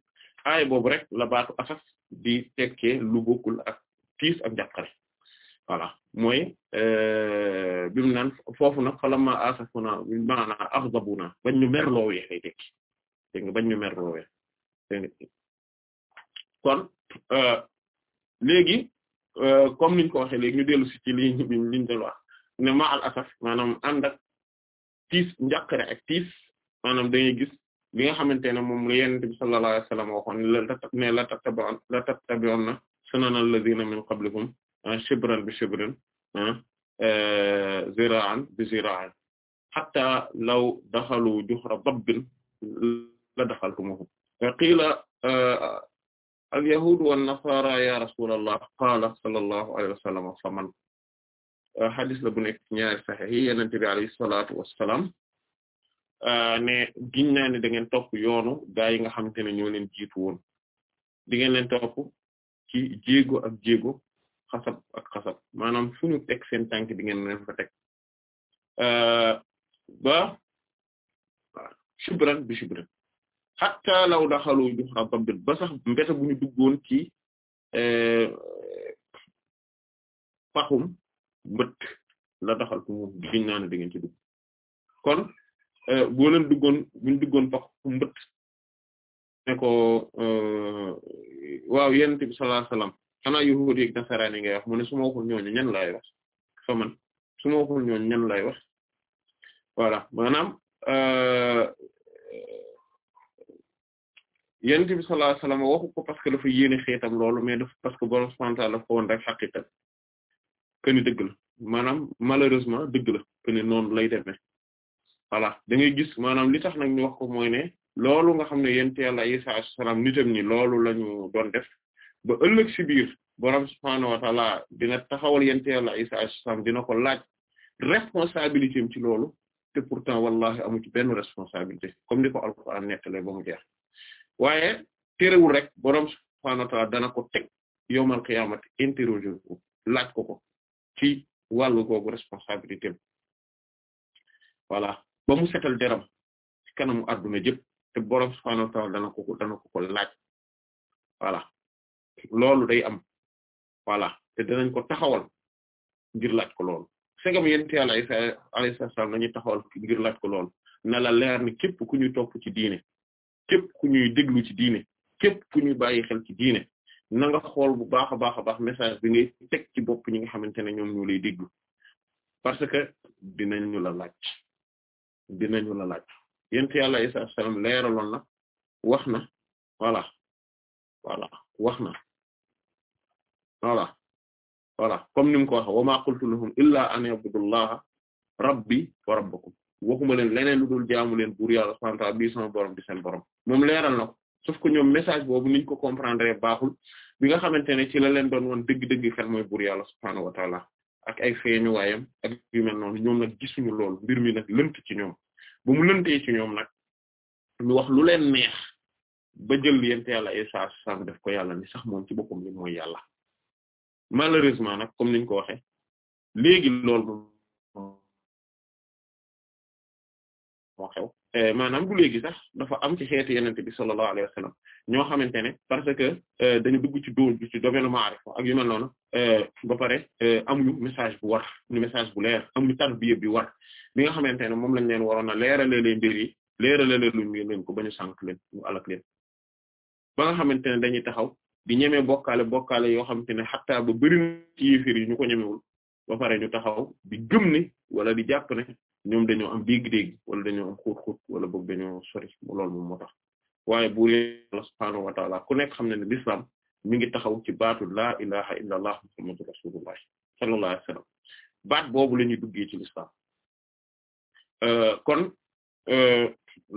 aay boobu rek la baatu asaf di tekkee lu bokkul ak tiis ak njàqare voilà mooy euh, bi mu naan na nag falammaa aasafuna maanaam aghdabuna bañ ñu mer loowee lay tekki dégg nga bañ ñu mer loowee dégg nga kon euh, léegi euh, niñ ko waxee léegi ñu dellu si ci li liñ doon wax ne ma al asaf tiis njàqare ak tiis maanaam dañuy gis li nga xamante ne moom la yonent bi sallallahu alayhi wasallam waxoon ne la tattabi'un la tattabi'unna sunana alladhina min qablikum ah, shibran bi shibrin ah, eh, zira'an bi zira'in hatta law daxalu juhra dabbin la daxaltumuhu qila eh, al yahuud wan nasaara ya rasulallah qaala sallallahu alayhi wasallam faman xadis euh, la bu nekk ñaari saxex yi yenente bi alayhi salaatu wassalaam euh, ne giñ naa ne da ngeen topp yoonu gaa yi nga xamante ne ñoo leen jiitu woon di ngeen leen topp ci jéego ak jéego xasab ak xasab maanaam fu ñu teg seen tànk di ngeen leen fa teg euh, ba shubran bi shubran hatta law daxalu juhra dabbit ba sax mbete bu duggoon ci paxum mbëtt la taxal ku mu giñ naa ne da kon euh, boo leen duggoon buñ duggoon pax mbëtt ne ko euh, waaw yonent bi sallallahu alayhi wasallam xanaa wax mu ne su ma waxul ñan laay wax fa man su ma waxul ñooñu ñan laay wax voilà maanaam euh, yonent bi sallallahu alayhi wasallam waxu ko parce que dafa yéene xeetam loolu mais dafa parce que borom ko woon rek xaqiiqat que ni dëgg la maanaam malheureusement dëgg la que ni noonu lay demee voilà da gis maanaam li tax nag ñu wax ko mooy ne loolu nga xam ne yonent Yàlla Isa alayhi salaam nitam ñi loolu la ñu doon def ba ëllëg ci biir borom subhaanahu wa taala dina taxawal yonent Yàlla Isa alayhi salaam dina ko laaj responsabilité am ci loolu te pourtant wallahi amu ci benn responsabilité comme ni ko Alxuraan nettalee ba mu jeex waaye terewul rek borom subhaanahu wa taala dana ko teg yawmal qiyaamati interroger ko laaj ko. ci wàllu googu responsabilité voilà ba mu setal deram ci kanamu adduna te borom subhaanahu wa ta'aala dana ko dana ko laaj voilà loolu day am voilà te danañ ko taxawal ngir laaj ko loolu segam yonent Yàlla alayhi salaam taxawal ngir laaj ko lool nala leer ni képp ku ñuy topp ci diine képp ku ñuy déglu ci diine képp ku ñuy bàyyi xel ci diine na nga xool bu baax a baax a baax message bi ngay teg ci bopp ñi nga xamante ne ñoom ñoo lay déglu parce que dina dinañu la laaj dinañu la laaj yent yàlla Isa salaam leeraloon na wax na voilà wala wax na voilà voilà comme ni mu ko waxe wa ma qultu lahum illa an yabudullaha rabbi wa rabbakum waxuma leen leneen lu dul jaamu leen buur yàlla subhanahu wa ta'ala bi borom di seen borom moom leeral na sauf ko ñoom message boobu niñ ko comprendre baaxul bi nga xamante ne ci la leen doon woon dëgg-dëgg kan mooy buur yàlla subhaanahu wa taala ak ay feeñu waayam ak yu mel noonu ñoom nag gisuñu loolu mbir mi nag lënt ci ñoom ba mu lëntee ci ñoom nag ñu wax lu leen neex ba jël yent yàlla Isa sam def ko yàlla ni sax moom ci boppam li mooy yàlla malheureusement nag comme niñ ko waxe léegi loolu moo xew Eh, maanaam du léegi sax dafa am ci xeetu yenente bi sallallahu alayhi wa sallam ñoo xamante ne parce que eh, dañu dugg ci dóol bi ci domaine maarif ak yu mel noonu eh, ba pare amuñu message bu war ñu message bu leer am amuñu tarbiya bi war bi nga xamante ne moom lañ leen waroon a leeralal leen mbir yi leeralal leen leen ko ba ñu leen ñu alak leen ba nga xamante ne dañuy taxaw di ñemee bokkaale bokkaale yoo xamante ne xattaa ba bëri ci yéefir yi ñu ko ñemewul ba pare ñu taxaw di gëm ne wala di jàpp ne ñoom dañoo am dégg-dégg wala dañoo am xóot-xóot wala boog dañoo sori loolu moom moo tax waaye buur wa taala ku nekk xam ne ne l'islam mi ngi taxaw ci baatu laa ilaha illa allah muhammadu rasulullah boobu la ñuy duggee euh, euh,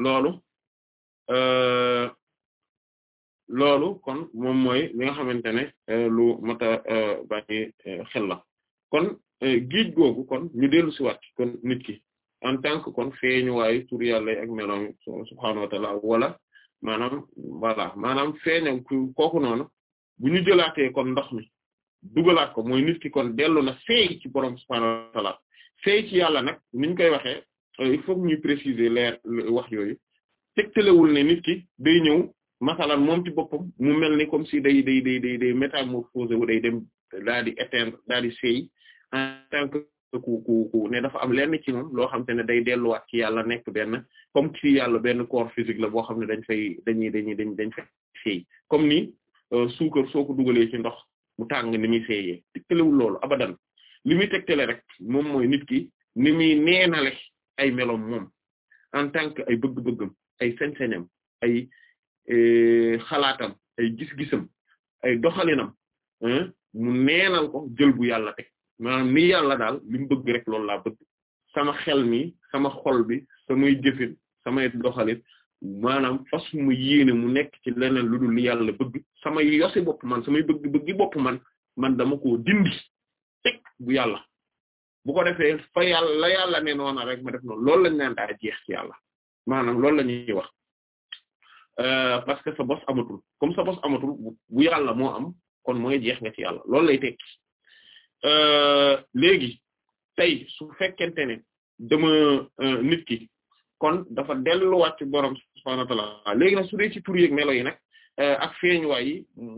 loolu euh, loolu kon moom mooy li nga xamante ne lu mata bàyyi xel la kon géej googu kon ñu dellu si waat kon nit ki en tant que kon feeñuwaayu tur yàlla yi ak meloom subhaanahu wa ta'ala wala maanaam voilà maanaam feeñam kooku noonu bu ñu jëlaatee kon ndox mi dugalaat ko mooy nit ki kon dellu na feey ci borom subhaanahu wa feey ci yàlla nag niñ koy waxee euh, il faut que préciser leer wax yooyu tegtalewul ne nit ki day ñëw masalan moom ci boppam mu mel ni comme si day day day day day métamorphosé wu day dem daal di éteindre daal feey en tant ku ku ku ne dafa am lenn ci moom loo xam te ne day delluwaat ci yàlla nekk benn comme ci yàlla benn corps la boo xam ne dañ fay dañuy dañuy dañ dañ fay seey comme ni euh, suukar soo ko dugalee ci ndox mu tàng ni muy seeyee tegtalewul loolu abadan li muy tegtale rek moom mooy nit ki ni muy neenale ay meloom moom en tant que ay bëgg-bëggam ay sañ-sañam ay euh, xalaatam ay gis-gisam ay doxalinam mu neenal ko jël yàlla teg maanaam ni yàlla daal li mu bëgg rek loolu laa bëgg sama xel mi sama xol bi samay jëfin samay doxalit maanaam fas mu yéene mu nekk ci leneen lu dul li yàlla bëgg sama yosi bopp man samay bëgg-bëggi bopp man man dama ko dindi teg bu yàlla bu ko defee fa yàlla la yàlla ne noona rek ma def noonu loolu lañ naan daa jeex yàlla maanaam loolu la ñuy wax euh, parce que sa bos amatul comme sa bos amatul bu yàlla moo am kon mooy jeex nga yàlla loolu lay tekki Euh, léegi tey su fekkente ne dama euh, nit ki kon dafa delluwaat ci borom subhaanahu léegi nag su dee ci tur yeeg melo yi nag euh, ak feeñuwaay yi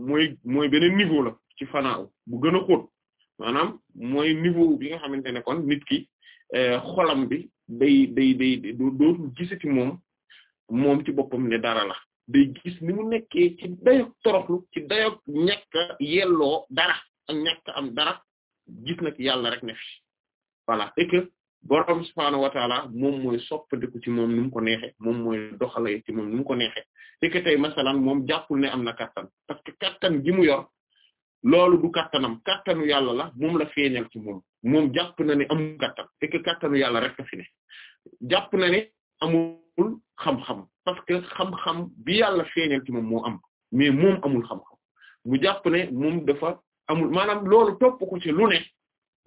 mooy mooy beneen niveau la ci fanaaw bu gën a xóot maanaam mooy niveau bi nga xamante ne kon nit ki xolam bi day day day dootul gisati moom moom ci boppam ne dara la day gis ni mu nekkee ci dayog toroxlu ci dayog ñàkk yelloo dara ak ñàkk am dara gis nag yàlla rek ne fi voilà et que borom subhaanahu wa moom mooy soppandiku ci moom ni mu ko neexe moom mooy doxalee ci moom ni mu ko neexe et que tey moom jàppul ne am na kattan parce que kattan gi mu yor loolu du kattanam kattanu yàlla la moom la feeñal ci moom moom jàpp na ne amul kattan et que kattanu yàlla rek a fi ne jàpp na ne amul xam-xam parce que xam-xam bi yàlla feeñal ci moom moo am mais moom amul xam-xam mu jàpp ne moom dafa amul maanaam loolu topp ko ci lu ne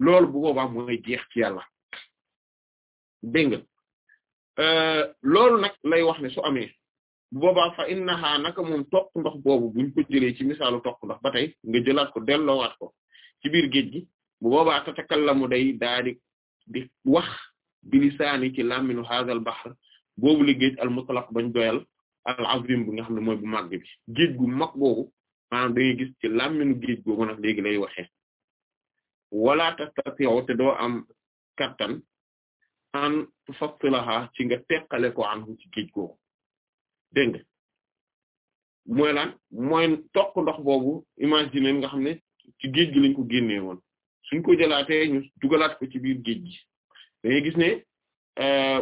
loolu bu boobaa mooy jeex ci yàlla dégg nga euh, loolu nag lay wax ne su amee bu boobaa fa innaha naka moom toq ndox boobu buñ ko jëlee ci misaalu toq ndox ba tey nga jëlaat ko delloowaat ko ci biir géej gi bu boobaa tatakallamu day daa di wax bilisaani ci làmminu xaagal bahr boobu la géej al mutlaq bañ doyal al azim bi nga xam ne mooy bu màgg bi géej gu mag boobu maanaam da ngay gis ci làmminu géej googu nag léegi lay waxee wala tastati'u te doo am kattan an tufassilaha ci nga teqale ko anhu ci géej googu dégg nga mooy lan mooy toq ndox boobu imaginer nga xam ne ci géej gi lañ ko génnee woon suñ ko jëlaatee ñu ko ci biir géej gi da ngay gis ne euh,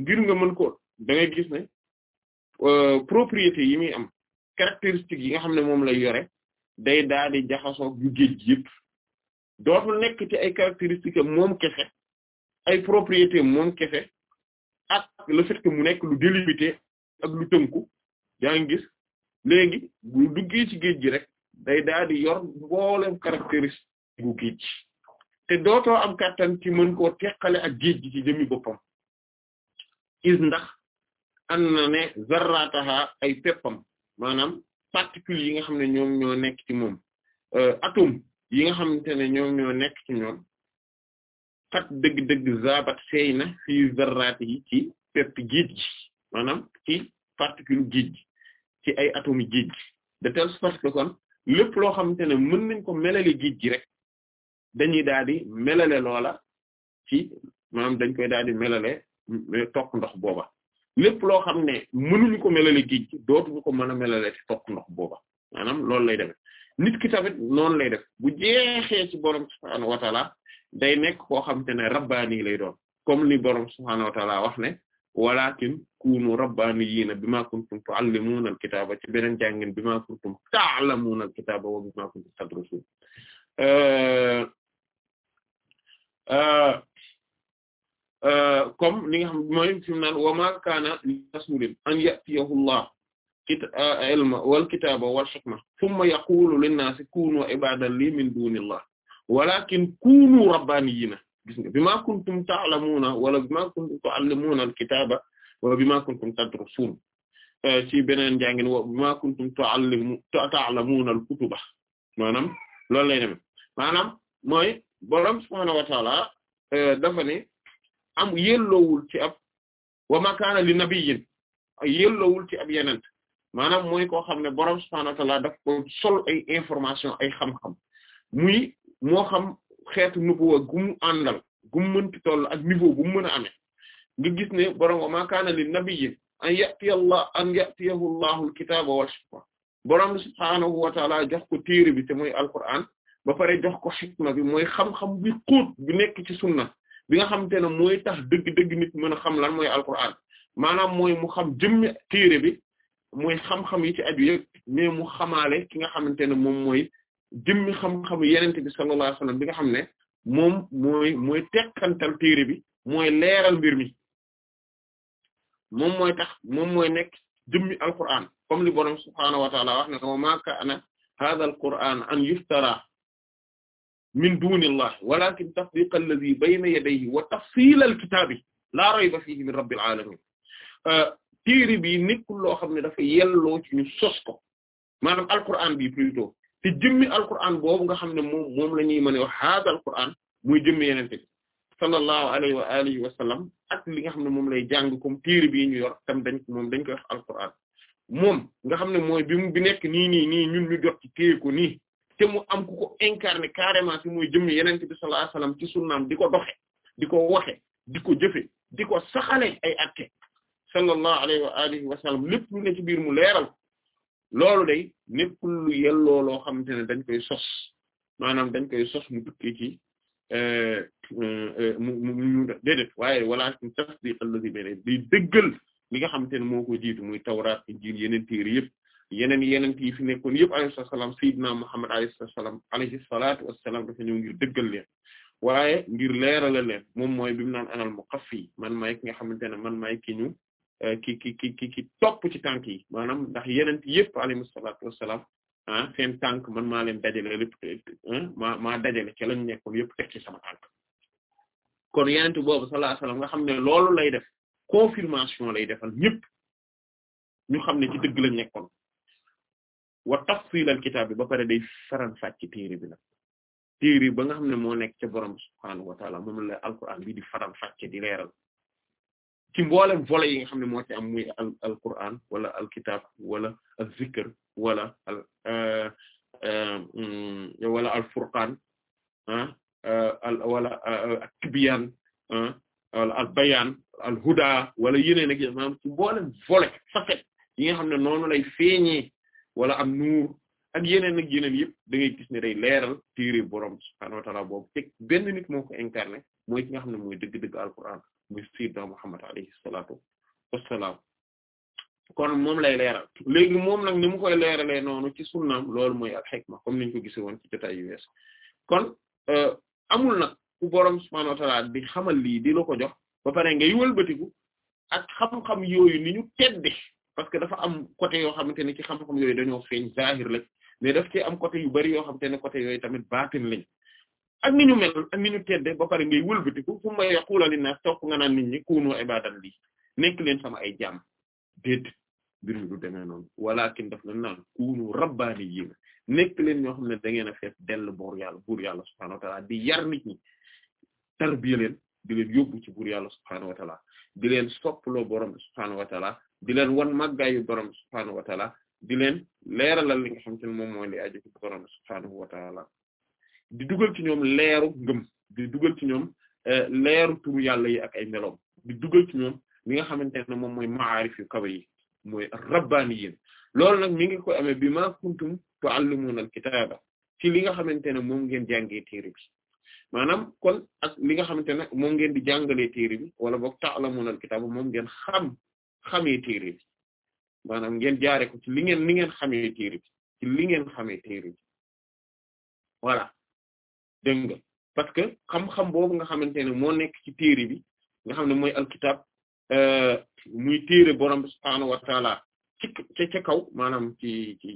ngir nga mën ko da ngay gis euh, propriété yi muy am caractéristiques yi nga xam ne moom lay yore day daadi di jaxasoo yu géej gi yëpp dootul nekk ci ay caractéristiques am moom kese ay propriétés moom kese ak le fait mu nekk lu délimité ak lu tënku yaa ngi gis léegi bu duggee géej gi rek day daal di yor mboolem caractéristique bu géej gi te dootoo am kàttan ci mën koo teqale ak géej gi ci jëmmi boppam is ndax an ne zarrataha ay peppam maanaam particules yi nga xam ne ñoom ñoo nekk ci moom euh, atome yi nga xamante ne ñoom ñoo nekk ci ñoom xat dëgg-dëgg zabat seey na fii zarraat yi ci pepp géej gi maanaam ci particule géej gi ci ay atome géej gi de telle sorte que kon lépp loo xamante ne mën nañ ko melale géej gi rek dañuy daal di melale loola ci maanaam dañ koy daal di melale toq ndox booba lépp loo xam ne mënuñu ko melale géej gi dootuñu ko mën a bo ci topp maanaam loolu lay def nit ki tamit noonu lay def bu jeexee ci borom subhaanahu wa taala day nekk koo xamante ne rabbaani lay doon comme li borom subhaanahu wa taala wax ne walakin kunu rabbaaniyiina bimaa kuntum tuallimuuna alkitaaba ci beneen jàngin bimaa kuntum ta'lamuuna alkitaaba wa bimaa kuntum tadrusuun euh, euh, Euh, comme li nga xam mooy fi mu naan wa ma kaana li rasulin an ya'tiyahu Allah euh, ilma wal kitaaba wal hikma thumma yaqulu linnaasi kuunu ibadan li min dunillah walakin kuunu rabbaniyina gis nga bima kuntum ta'lamuna wala bima kuntum tu'allimuna al kitaaba wala bima kuntum tadrusuun euh, ci beneen njàngin wa bima kuntum tu'allimu ta'lamuna al kutuba maanaam loolu lay demee maanaam mooy borom subhaanahu wa ta'aala dafa ne am yelloowul ci ab wa makaana li nabiyyin yelloowul ci ab yenent maanaam mooy koo xam ne borom subhaanahu wa ta'aala daf ko sol ay information ay xam-xam muy moo xam xeetu nubuwa gu mu àndal gu mu mënti toll ak niveau bu mën a amee nga gis ne borom wa makaana li nabiyyin an ya'tiya Allah an ya'tiyahu Allahu al-kitaaba wal hikma borom subhaanahu wa ta'aala jox ko téere bi te mooy Alquraan ba pare jox ko xikma bi mooy xam-xam bi xóot bi nekk ci sunna bi nga xamante ne mooy tax dëgg-dëgg nit mën a xam lan mooy alquran maanaam mooy mu xam jëmmi téere bi mooy xam-xam yi ci aju yëg mais mu xamaale ki nga xamante ne moom mooy jëmmi xam-xam yenente bi sallallahu alayhi wasallam bi nga xam ne moom mooy mooy tekkantal téere bi mooy leeral mbir mi moom mooy tax moom mooy nekk mi alquran comme li borom subhaanahu wa ta'ala wax ne wa ma kaana hadha alquran an yuftara min dunillah walakin tasdiqa alladhi bayna yadayhi wa tafsila alkitabi la rayba fihi min rabbil alamin euh, téere bi nekkul loo xam ne dafa yelloo ci ñu sos ko maanaam alquran bi plutôt te jëmmi alquran boobu nga xam ne moom moom la ñuy mën a wax hada alquran muy jëmmi yenente bi sallallahu alayhi wa alihi wa sallam ak li nga xam ne moom lay jàng kom téere bii ñu yor tam dañ moom dañ koy wax alquran moom nga xam ne mooy bi nekk nii nii nii ñu jot ci téye ko nii te mu am ku ko incarné carrément ci muy jëmmi yeneen bi sallallahu alayhi ci sunnaam di ko doxe di ko waxe di ko jëfe di ko saxale ay atte sallallahu alayhi wa alihi wa lépp lu ne ci biir mu leeral loolu day nekkul lu yelloo loo xamante ne dañ koy sos maanaam dañ koy sos mu tukkee ci euh, euh, mu mu mu déedéet waaye walakin tasdiq alladhi bayna day dëggal li nga xamante ne moo ko jiit muy tawraat injiil yeneen téere yëpp yeneen yenent yi fi nekkoon yëpp alayhi salaam sayyidina Muhammad alayhi salaam alayhi salaatu wassalaam dafa ñëw ngir dëggal leen waaye ngir leerala leen moom mooy bi mu naan anal muqaffi man maay ki nga xamante ne man maay ki ñu eh, ki ki ki ki ki topp ci tànk yi maanaam ndax yeneen yëpp alayhi salaatu wassalaam ah seen tànk man maa leen dajale lépp eh, maa maa dajale ci lañ nekkoon yëpp ci sama tànk kon yenent boobu sallallahu alayhi wasallam nga xam ne loolu lay def confirmation lay defal ñëpp ñu xam ne ci dëgg lañ nekkoon wa tafsilal kitaab ba pare day faran fàcc téere bi nag téere ba nga xam ne moo nekk ca borom subhaanahu wa taala moom la alquran bi di faran fàcc di leeral ci mboolem volets yi nga xam ne moo ci am muy al alquran wala alkitab wala al euh, euh, wala ah, euh, wala al furqaan ah wala ak wala yeneen ak yi nga xam ne noonu lay feeñee wala am nuur ak yeneen ak yeneen yëpp da gis ne day leeral téere borom subhaanahu wa ta'ala benn nit moo ko incarné mooy ki nga xam ne mooy dëgg-dëgg alquran muy sayyidna Muhammad alayhi salaatu wassalaam kon moom lay leeral léegi moom nag ni mu koy leeralee noonu ci sunnaam loolu mooy al xikma comme niñ ko gisee woon ci jotaay yu wees kon euh, amul nag ku borom subhaanahu wa di xamal lii di la ko jox ba pare ngay wëlbatiku ak xam-xam yooyu ni ñu tedde parce que dafa am côté yoo xamante ne ci xam-xam yooyu dañoo feeñ zahir lañ mais daf ci am côté yu bari yoo xamante ne côté yooyu tamit baatin lañ ak ni ñu mel ak ni ñu tedde ba pare ngay wëlbatiku fu ma yaqula linnaas topp nga naan nit ñi kunu ibadan lii nekk leen sama ay jaam déet mbir mi du demee noonu walakin daf leen naan kunu rabbaaniyyiin nekk leen ñoo xam ne da ngeen a fees dell buur yàlla buur yàlla subhaanahu wa di yar nit ñi tarbiya leen di leen yóbbu ci buur yàlla subhaanahu wa di leen soppaloo borom subhaanahu di leen wan màggaayu borom subhaanahu wa taala di leen leeralal li nga xam te ne moom mooy li aju ci borom subhaanahu wa taala di dugal ci ñoom leeru ngëm di dugal ci ñoom eh, leeru turu yàlla yi ak ay meloom di dugal ci ñoom li nga xamante ne moom mooy maarif yu kawe yi mooy rabbaaniyin loolu nag mi ngi koy amee bi ma kuntum tuallimuna al-kitaaba ci li nga xamante ne moom ngeen jàngee téere bi maanaam kon ak li nga xamante ne moom ngeen di jàngalee téere bi wala boog ta'lamuna al-kitaaba moom ngeen xam xamee téere bi maanaam ngeen jaare ko ci li ngeen li ngeen xamee téere bi ci li ngeen xamee téere voilà dégg nga parce que xam-xam boobu nga xamante ne moo nekk ci téere bi nga xam ne mooy alkitab euh, muy téere borom bi subhaanahu wa taala ci ca ca kaw maanaam ci ci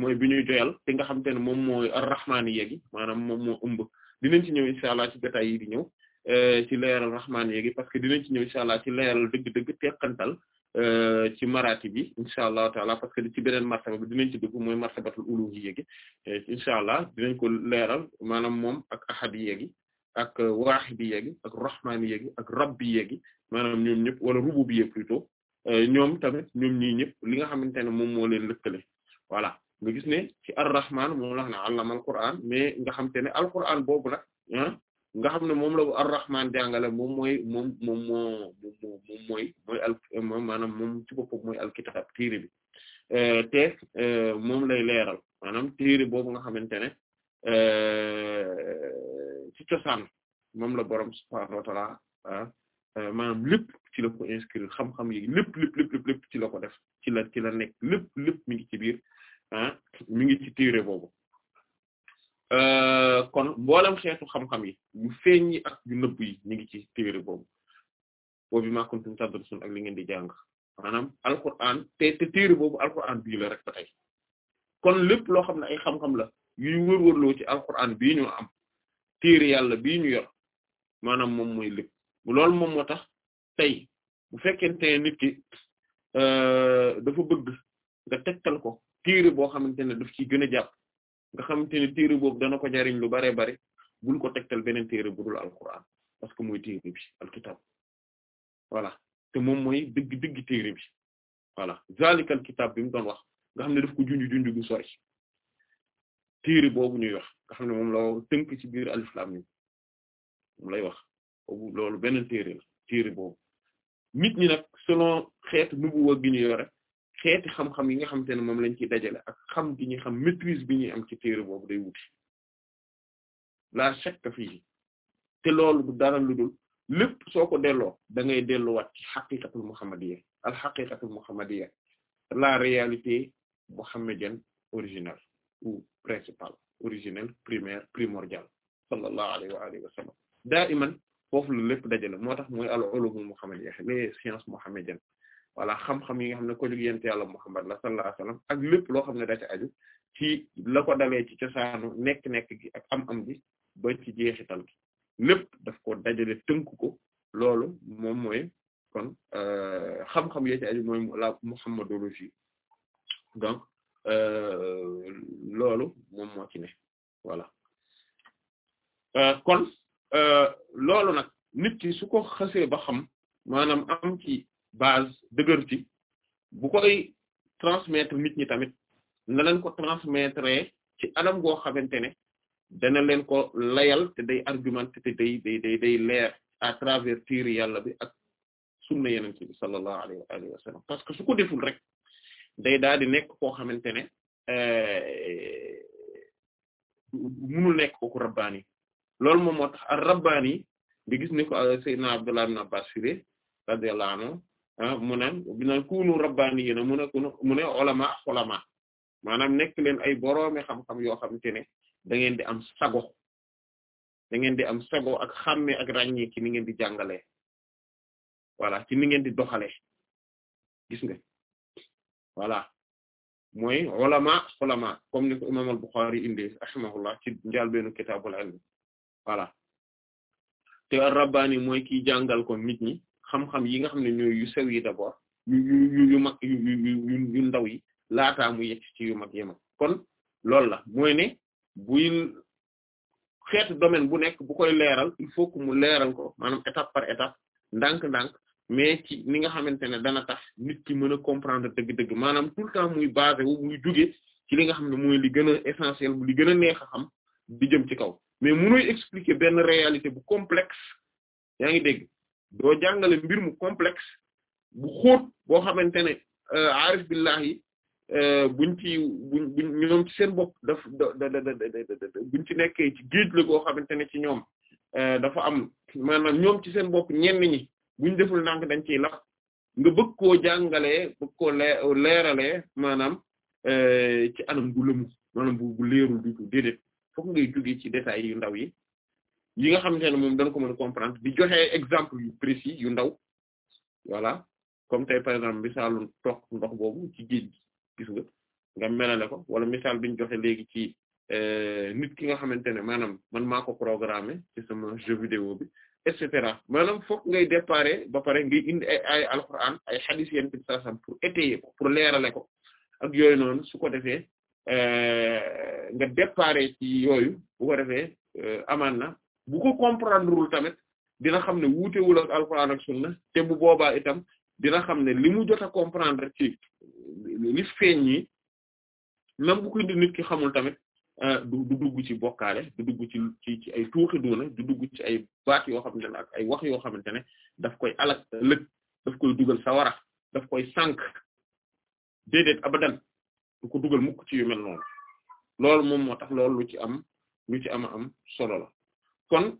mooy bi ñuy joyal te nga xamante ne moom mooy ar-rahmaaniyya gi maanaam moom moo ëmb dinañ ci ñëw insha allah ci détail yi di ñëw Euh, ci leeral rahmaan yeegi parce que dinañ ci ñëw incha allah ci leeral dëgg-dëgg teqantal euh, ci maraati bi incha allah taala parce que ci beneen martaba bi dinañ ci dugg mooy martabatul uluhi yeegi euh, incha allah dinañ ko leeral maanaam moom ak ahadi yeegi ak waahidi yeegi ak rahmaani yeegi ak rabbi yeegi maanaam ñoom ñëpp wala rububiyya plutôt ñoom tamit ñoom ñii ñëpp li nga xamante ne moom moo leen lëkkale voilà nga gis ne ci ar-rahmaan moom la xam ne allamal qur'aan mais nga xamante ne al-qur'aan boobu nag nga xam ne moom la ar-Rahman jàngale moom mooy moom moom moo moom mooy mooy al maanaam moom ci boppam mooy alkitab téere bi euh, te euh, moom lay leeral maanaam téere boobu nga xamante ne euh, ci cosaan la borom subhaanahu wa ta'aala ah, maanaam lépp ci la ko inscrire xam-xam yi lépp lépp lépp lépp ci def ci la nekk lépp lépp mi ngi ci biir ah mi ngi ci téere boobu. Euh, kon mboolem xeetu xam-xam yi yu feeñ yi ak yu nëbb yi ñu ngi ci téere boobu boobu maa kuntum tadrusun ak li ngeen di jàng maanaam alquran te te boobu alquran bii la rek ba kon lépp loo xam ne ay xam la yuy wërwërloo ci alquran bii ñu am téere yàlla bii ñu yor maanaam moom mooy lépp loolu moom moo tax tey bu fekkente ne nit ki euh, dafa bëgg nga tegtal ko téere boo xamante ne daf ci gën a jàpp nga xamante ne téere boobu dana ko jariñ lu bare bare bul ko tegtal beneen téere bu dul alquran parce que mooy téere bi alkitab voilà te moom mooy dëgg dëgg téere bi voilà zalikal kitab bi mu doon wax nga xam ne def ko junj bu gu sori téere boobu ñuy wax nga xam ne moom la tënk ci biir alif lam moom lay wax loolu beneen téere la téere boobu nit ñi nag selon xeet nubuwa gi ñu yore xeeti xam-xam yi nga xamante ne moom lañ ci dajale ak xam gi ñuy xam maîtrise bi ñuy am ci téere boobu day wuti la shakka fii te loolu du dara lu dul lépp soo ko delloo da ngay delluwaat ci xaqiqatul muhammadiyya al xaqiqatul muhammadiyya la réalité mohammedienne originale ou principale originelle primaire primordiale sallallahu alayhi wa alihi wa sallam daa iman foofu la lépp dajale moo tax mooy al ulumul muhammadiyya les sciences mohammediennes wala xam-xam yi nga xam ne ko liggéeyante yàlla Muhammad la sallallahu alayhi wasallam ak lépp loo xam ne da ci aju ci la ko ci cosaanu nekk-nekk gi ak am-am bi ba ci jeexital gi lépp daf ko dajale tënk ko loolu moom mooy kon euh, xam-xam yi ci euh, loolu moom moo euh, kon loolu nag nit ki su ko xasee ba xam maanaam am ci base dëgër ci bu koy transmettre nit ñi tamit na leen ko transmettre ci anam goo xamante ne dana leen ko layal te day argumenté te day day day leer à travers tiiri yàlla bi ak sunna yeneen ci bi parce que su ko deful rek day daal di nekk koo xamante ne euh, munul nekk ko rabbaani loolu moom moo tax ar rabbaani bi gis ni ko euh, Abbas firé radiyallahu anhu mu naan binaan kunu rabbaniyina mu ne kunu mu ne ulama maanaam nekk leen ay boroomi xam-xam yoo xamante ne da ngeen di am sago da ngeen di am sago ak xàmme ak ràññee ci ni ngeen di jàngalee voilà ci ni ngeen di doxalee gis nga voilà mooy ulama xulama comme ni ko imam al-Bukhari indi rahimahullah ci njàlbeenu kitaabul ilm voilà te ar-rabbani mooy kiy jàngal ko nit ñi xam-xam yi nga xam ne ñooy yu sew yi d'abord yu yu yu mag yu yu yu ndaw yi laataa muy yegg ci yu mag yi mag kon loolu la mooy ne buy xeet domaine bu nekk bu koy leeral il faut que mu leeral ko maanaam étape par étape ndànk-ndànk mais ci ni nga xamante ne dana tax nit ki mën a comprendre dëgg-dëgg maanaam tout le temps muy basé wu muy jóge ci li nga xam ne mooy li gën a essentiel bu li gën a neex a xam di jëm ci kaw mais munuy expliquer benn réalité bu complexe yaa ngi dégg doo jàngale mbir mu complexe bu xóot boo xamante ne euh, aarif billahi euh, buñ ci buñ buñ ñoom ci seen bokk daf da da da buñ ci nekkee ci géej la goo xamante ne ci ñoom euh, dafa am maanaam ñoom ci seen bopp ñenn ñi buñ deful ndànk dañ ciy lax nga bëgg koo jàngale bëgg koo leerale maanaam ci anam gu lëmu maanaam bu bu leerul du déedéet fokk ngay jóge ci détails yu ndaw yi yi nga xamante ne moom dañ ko mën a comprendre di joxe exemple yu précis yu ndaw voilà comme tey par exemple misaalu toog ndox boobu ci géej nga nga melale ko wala misaal bi ñu joxe léegi ci euh, nit ki nga xamante ne maanaam man maa ko programmer ci sama jeu vidéo bi et cetera maanaam fokk ngay déparer ba pare ngay indi ay ay alxuraan ay xadis yenn ci saa sam pour étayer ko leerale ko ak yooyu noonu su ko defee euh, nga déparer ci yooyu bu ko euh, na bug ko comprendrewul tamit dina xam ne wuutewul ak alxuraan ak na te bu boobaa itam dina xam ne li mu jot a comprendre ci li feeñ ñi même ko nit ki xamul tamit euh, du du dugg ci bokkaale du dugg ci ci ci ay tuuxi duuna du dugg ci ay baat yoo xamante ne ak ay wax yoo xamante ne daf koy alak lëg daf koy dugal sawara daf koy sànq déedéet abadan du ko dugal muk ci yu mel noonu loolu moom moo tax loolu lu ci am lu ci am am solo la kon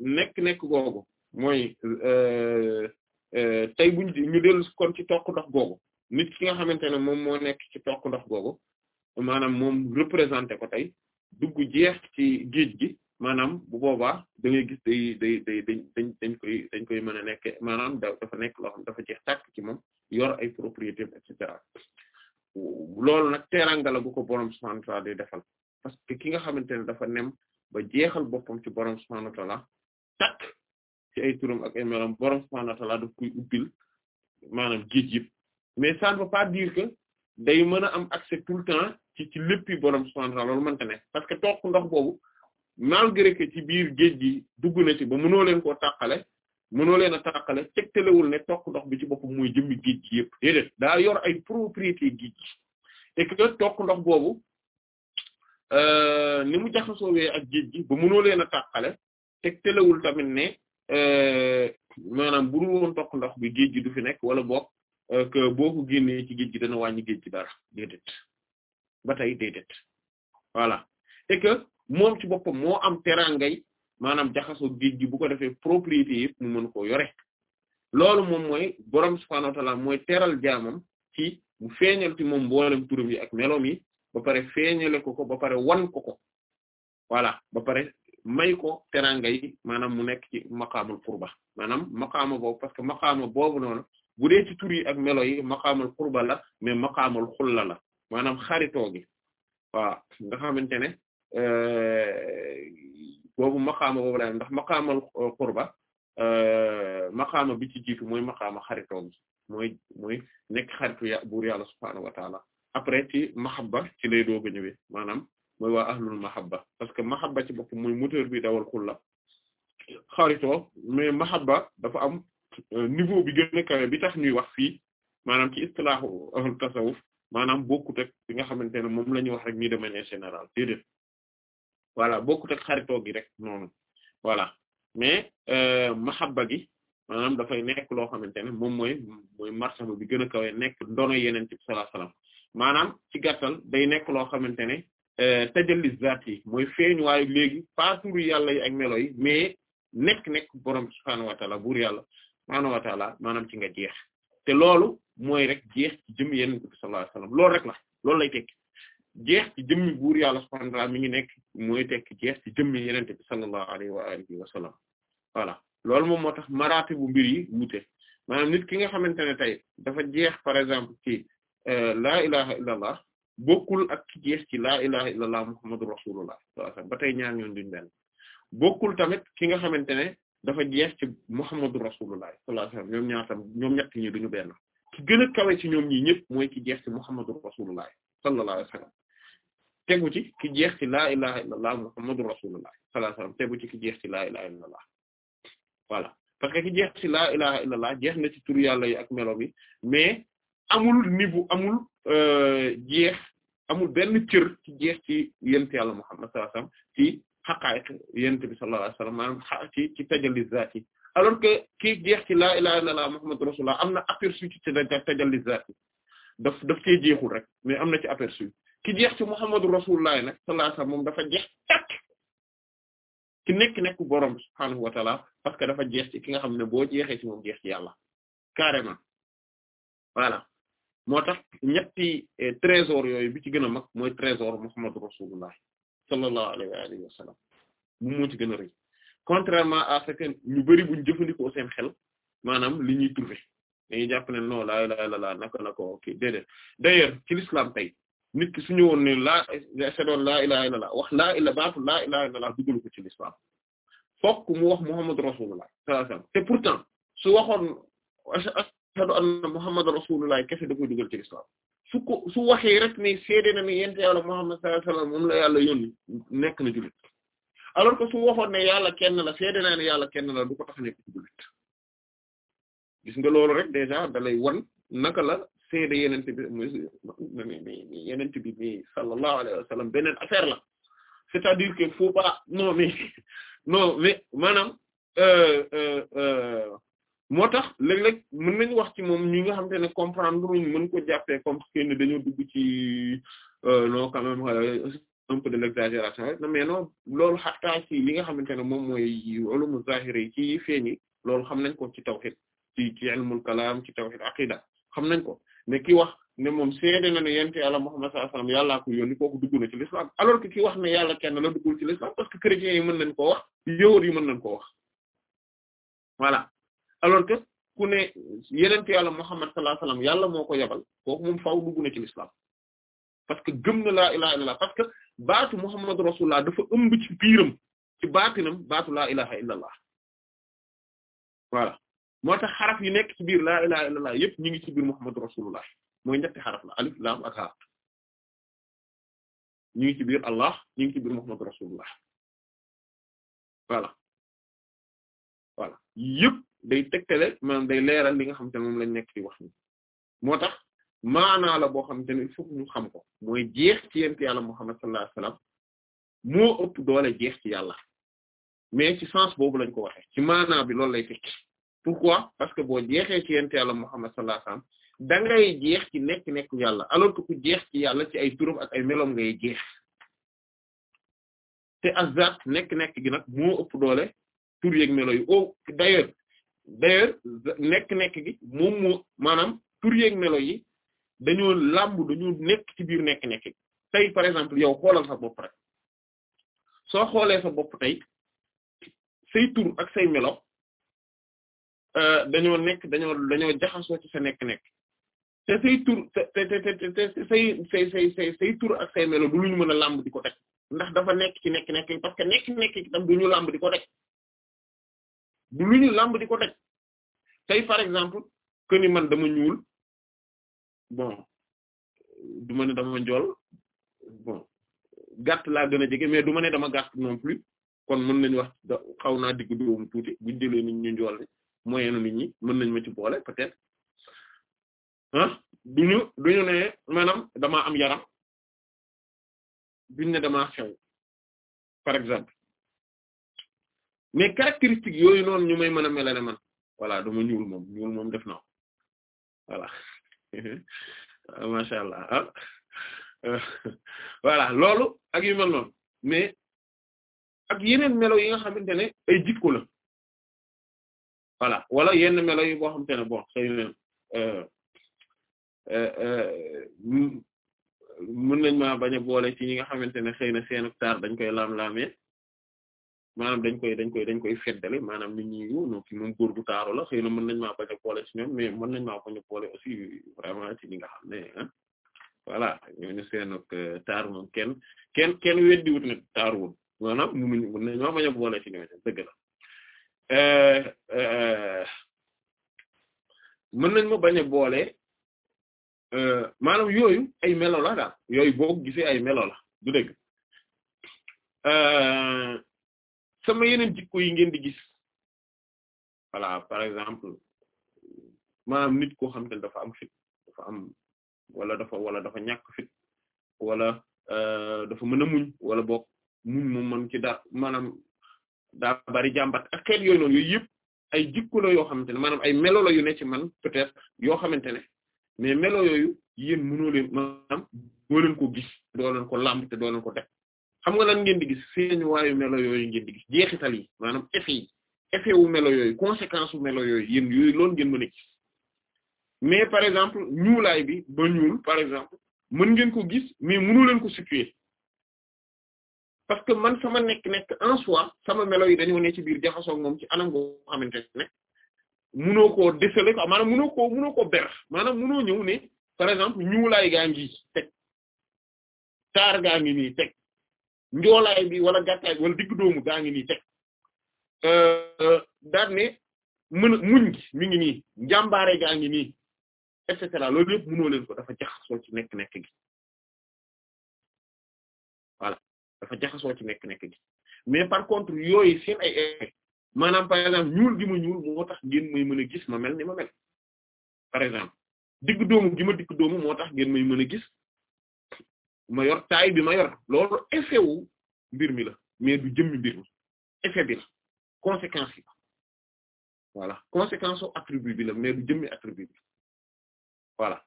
nekk-nekk euh, googu mooy euh, euh, tey buñ ñu dellu kon ci toq ndox googu nit ki nga xamante ne moom moo nekk ci toq ndox googu maanaam moom représenté ko tey dugg jeex ci géej gi maanaam bu boobaa da ngay gis day day day dañ dañ koy dañ koy mën a nekk maanaam dafa nekk loo dafa jeex tàkk ci moom yor ay propriété et cetera loolu nag teraanga la ko boroom subhaanahu wa defal parce que ki nga xamante ne dafa nem ba jeexal boppam ci borom subhaanahu wa ta'aala ci ay turam ak ay melam borom subhaanahu wa ta'aala daf koy ubbil maanaam géej yëpp mais ça ne veut pas dire que day mën a am accès tout le temps ci ci borom subhaanahu wa ta'aala loolu ne parce que toog ndox boobu malgré que ci biir géej gi dugg na ci ba mënoo leen koo tàqale mënoo leen a tàqale tegtalewul ne toog ndox bi ci boppam muy jëmmi géej gi yëpp déedéet daa yor ay propriété géej gi et que ndox boobu Euh, ni mu jaxasoowee ak géej gi ba mënoo leen a tàqale teg telewul tamit ne euh, maanaam bu dul woon toq ndox bi géej gi du fi nekk wala boog euh, que boo ko génnee ci géej gi dana wàññi géej gi dara déedéet ba tey déedéet voilà et ci boppam moo am teraangay maanaam jaxasoo géej gi bu ko defee propriété yëpp mu mën koo yore loolu moom mooy borom subhaanahu wa mooy teral jaamam ci mu feeñal ci moom mboolem turam yi ak meloom yi. ba pare feeñale ko ko ba pare wan ko ko voilà ba pare may ko teranga yi maanaam mu nekk ci maqaamul qurba maanaam maqaama parce que maqaama boobu noonu bu dee ci ak melo yi maqaamul qurba la mais maqaamul xulla la maanaam xaritoo gi waaw nga xamante ne euh, boobu maqaama boobu la ndax maqaamal euh, qurba euh, maqaama bi ci jiitu mooy maqaama xaritoo gi mooy mooy nekk xaritu ya buur yàlla subhaanahu wa après ci mahabba ci lay doog a ñëwee maanaam mooy waa ahlul mahabba parce que mahabba ci bopp mooy moteur bi dawal xulla xaritoo mais mahabba dafa am euh, niveau bi gën a kawe bi tax ñuy wax fii maanaam ci istilaahu ahlu tasawuf maanaam bokkut ak bi nga xamante ne moom la ñuy wax rek nii de manière générale déedéet voilà bokkut ak gi rek noonu voilà mais euh, mahabba gi maanaam dafay nekk loo xamante ne moom mooy mooy martaba bi gën a kawe nekk ndono yeneen ci sallallahu alayhi maanaam ci gàttal day nekk loo xamante ne euh, tajalli zaat yi mooy feeñ waaye léegi pas turu yàlla yi ak melo yi mais nekk-nekk borom subhaanahu wa taala buur yàlla subhaanahu wa taala maanaam ci nga jeex te loolu mooy rek jeex ci jëm yenent bi rek la loolu lay tekki jeex ci jëmmi buur yàlla subhaanahu wa taala mi ngi nekk mooy tekki jeex ci jëmmi yenent bi sallallahu loolu moom moo tax maraate bu mbir yi wute maanaam nit ki nga xamante ne dafa jeex par exemple ci Euh, laa ilaha illallah bokkul ak ki jeex ci laa ilaha illallah muhammadur rasulullah sallallahu alayhi wasallam ba tey ñaar ñoon duñ benn bokkul tamit ki nga xamante ne dafa jeex ci muhammadur rasulullah sallallahu alayhi wasallam ñoom ñaar tam ñoom ñett ñi duñu benn ki gën a kawe ci ñoom ñi ñëpp mooy ki jeex ci muhammadur rasulullah sallallahu alayhi wasallam tegu ci ki jeex ci laa ilaha illallah muhammadur rasulullah sallallahu alayhi wasallam tegu ci ki jeex ci laa ilaha illallah voilà parce que ki jeex ci laa ilaha illallah jeex na ci tur yàlla yi ak melo bi mais amul niveau amul euh, jeex amul benn cër ci jeex ci yent yàlla Muhammad sallallahu alayhi wasallam ci yent bi sallallahu alayhi wasallam maanaam ci ci tajalli zaat yi alors que kii jeex ci laa ilaha Muhammad rasulullah am na aperçu ci tajalli zaat yi daf daf cee jeexul rek mais am na ci aperçu ki jeex ci Muhammadu rasulullah nag sallallahu alayhi wasallam moom dafa jeex tekk ki nekk nekk borom subhaanahu wa parce que dafa jeex ci ki nga xam ne boo jeexee ci moom jeex ci yàlla carrément moo tax ñetti eh, trésor yooyu bi ci gën a mag mooy trésor Muhammadu Rasulullah sallallahu alayhi wa alihi wa ci gën a rëy contrairement à ce que ñu bari buñ jëfandikoo seen xel maanaam li ñuy trouver dañuy jàpp ne non laa ilaaha illallaah naka naka ok déedéet d'ailleurs ci l'islam tey nit ki su ñëwoon ne laa sedoon laa ilaaha illallaah wax laa illa baatu laa ilaaha illallaah dugalu ko ci l'islam fokk mu wax Muhammad rasulullah sallallahu alayhi wasallam te pourtant su waxoon ashhadu anna muhammadan rasulullah kese da koy dugal ci islam su ko su waxee rek ni seede na ni yente yàlla muhammad sallallahu alayhi wasallam moom la yàlla yónni nekk na jullit alors que su waxoon ne yàlla kenn la seede naa ne yàlla kenn la du ko tax nekk jullit gis nga loolu rek déjà da lay wan naka la seede yenent bi mi yenent bi mi sallallahu alayhi wasallam beneen affaire la c'est-à-dire que faut pas non mais non mais euh, euh, euh, moo tax léeg-léeg mën nañu wax ci moom ñi nga xam te ne comprendre luñ ko jàppee comme que ne dañoo dugg ci euh, non quand même euh, un peu de l'exagération rek mais non loolu xataa ci li nga xamante ne moom mooy ulumu zahiri yi ci feeñ yi loolu xam nañ ko ci tawhid ci ci ilmul kalam ci tawhid aqida xam nañ ko ne ki wax ne moom seede na ne yonent Yàlla Muhammad sallallahu alayhi wasallam yàllaa ko yónni kooku dugg na ci l'islam alors que ki wax ne yàlla ken la duggul ci l'islam parce que chrétiens yi mën nañ koo wax yëwër yi mën nañ koo wax voilà alors que ku ne yenentu yàlla Muhammad sallallahu alayhi wasallam yàlla moo ko yabal kooku moom faaw dugg na ci l'islam parce que gëm na laa ilaha illallah parce que baatu Muhammad rasulullah dafa ëmb ci biiram ci baatinam baatu laa ilaha illallah voilà moo tax xaraf yi nekk ci biir laa ilaha illallah yëpp ñu ngi ci biir Muhammad rasulullah mooy ñetti xaraf la alif laam ak haa ñu ngi ci biir Allah ñu ngi ci biir Muhammad rasulullah day tegtale maanaam day leeral li nga xamante ne moom lañ nekk di wax ni moo tax maanaa la boo xamante ne il faut xam ko mooy jeex ci yent yàlla Muhammad sallallahu alayhi wasallam moo ëpp doole jeex yàlla mais ci boobu lañ ko waxee ci maanaa bi loolu lay tekki pourquoi parce que boo jeexee ci yàlla Muhammad sallallahu alayhi wasallam da ngay jeex ci nekk nekk yàlla alors que ku jeex ci yàlla ci ay turam ak ay meloom ngay jeex te azat nekk nekk gi nag moo ëpp doole tur yeeg melo yu oh d'ailleurs d'ailleurs nekk-nekk gi moom moo maanaam tur yeeg melo yi dañoo làmb dañoo nekk ci biir nekk-nekk tey par exemple yow xoolal sa bopp rek soo xoolee sa bopp tey say tur ak say melo euh, dañoo nekk dañoo dañoo jaxasoo ci sa nekk-nekk te say tur ak say melo du lu mën a làmb di ko teg ndax dafa nekk ci nekk-nekk parce que nekk-nekk itam du ñu làmb di ko teg du lu ñu làmb di ko tey par exemple que ni man dama ñuul bon du ma ne dama njool bon gàtt laa gën a jege mais du ma ne dama gàtt non plus kon mën nañu wax xaw naa digg dóomu tuuti buñ jëlee nit ñu njool moyenu nit ñi mën nañ ma ci boole peut-être ah duñu duñu ne maanaam dama am yaram duñ ne damaa xew par exemple mais caractéristiques yooyu noonu ñu may mën a melale man voilà dama ñuul moom ñuul moom def na voilà ah, macha allah ah. voilà loolu ak yu mel noonu ak yeneen melo yi nga xamante ne ay jikko la voilà wala yenn melo yi boo xamante ne bo xëy na euh, euh, euh, mën nañ maa bañ a boole ci yi nga xamante ne xëy na seen taar dañ koy lam-laamee maanaam dañ koy dañ koy dañ koy feddali maanaam nit ñi yoonu ki moom góor gu taaru la na mën nañ maa bañ boole ci ñoom mën nañ maa bañ a vraiment ci li nga xam ne ah voilà ñooñu seen ak euh, taar moom kenn kenn kenn weddiwut ne taaruwul maanaam mënuñ mën nañ a boole ci ñooñu dëgg la euh, euh, mën nañ ma bañ a boole maanaam yooyu ay melo la daal yooyu boo gisee ay melo la du dëgg. sama yeneen jikko yi ngeen di gis voilà par exemple maanaam nit koo xam te ne dafa am fit dafa wala dafa wala dafa fit wala euh, dafa mën a muñ wala boog muñ moom man ci daa maanaam daa bari jàmbat ak xeet yooyu noonu yooyu yëpp ay jikko la yoo xamante ne maanaam ay melo la yu ne ci man peut-être yoo xamante ne mais melo yooyu yéen mënoo leen maanaam doo ko gis doo leen ko làmb te doo leen ko def xam nga lan ngeen di gis feeñ waayu melo yooyu ngeen di gis jeexital yi maanaam effet yi effet wu melo yooyu conséquence wu melo yooyu yéen yooyu loolu ngeen mën ne gis mais par exemple ñuulaay bi ba ñuul par exemple mën ngeen ko gis mais mënu leen ko situer que man sama nekk sama melo yi dañoo ne ci biir jaxasoo moom ci anam goo xamante ne mënoo koo déceler quoi maanaam mënoo koo mënoo koo maanaam mënoo ñëw ne par exemple ñuulaay gaa ngi teg taar gaa ngi nii teg njoolaay bi wala gàttaay bi wala digg doomu gaa ngi ni teg euh, euh, daan ne mën muñ mi ngi ni njàmbaare gaa ngi ni et cetera loolu yëpp mënoo leen ko dafa jaxasoo ci nekk-nekk gi mais par contre yooyu seen ay effet maanaam par exemple ñuul gi ma ñuul moo tax ngeen may mën a gis ma mel ni ma mel par exemple digg doomu gi ma moo tax ngeen may mën a gis ma yor taay bi ma yor loolu effet mbir mi la mais du jëmmi mbir mi effet bi la conséquence yi voilà conséquence au attribut bi mais du jëmmi attribut bi voilà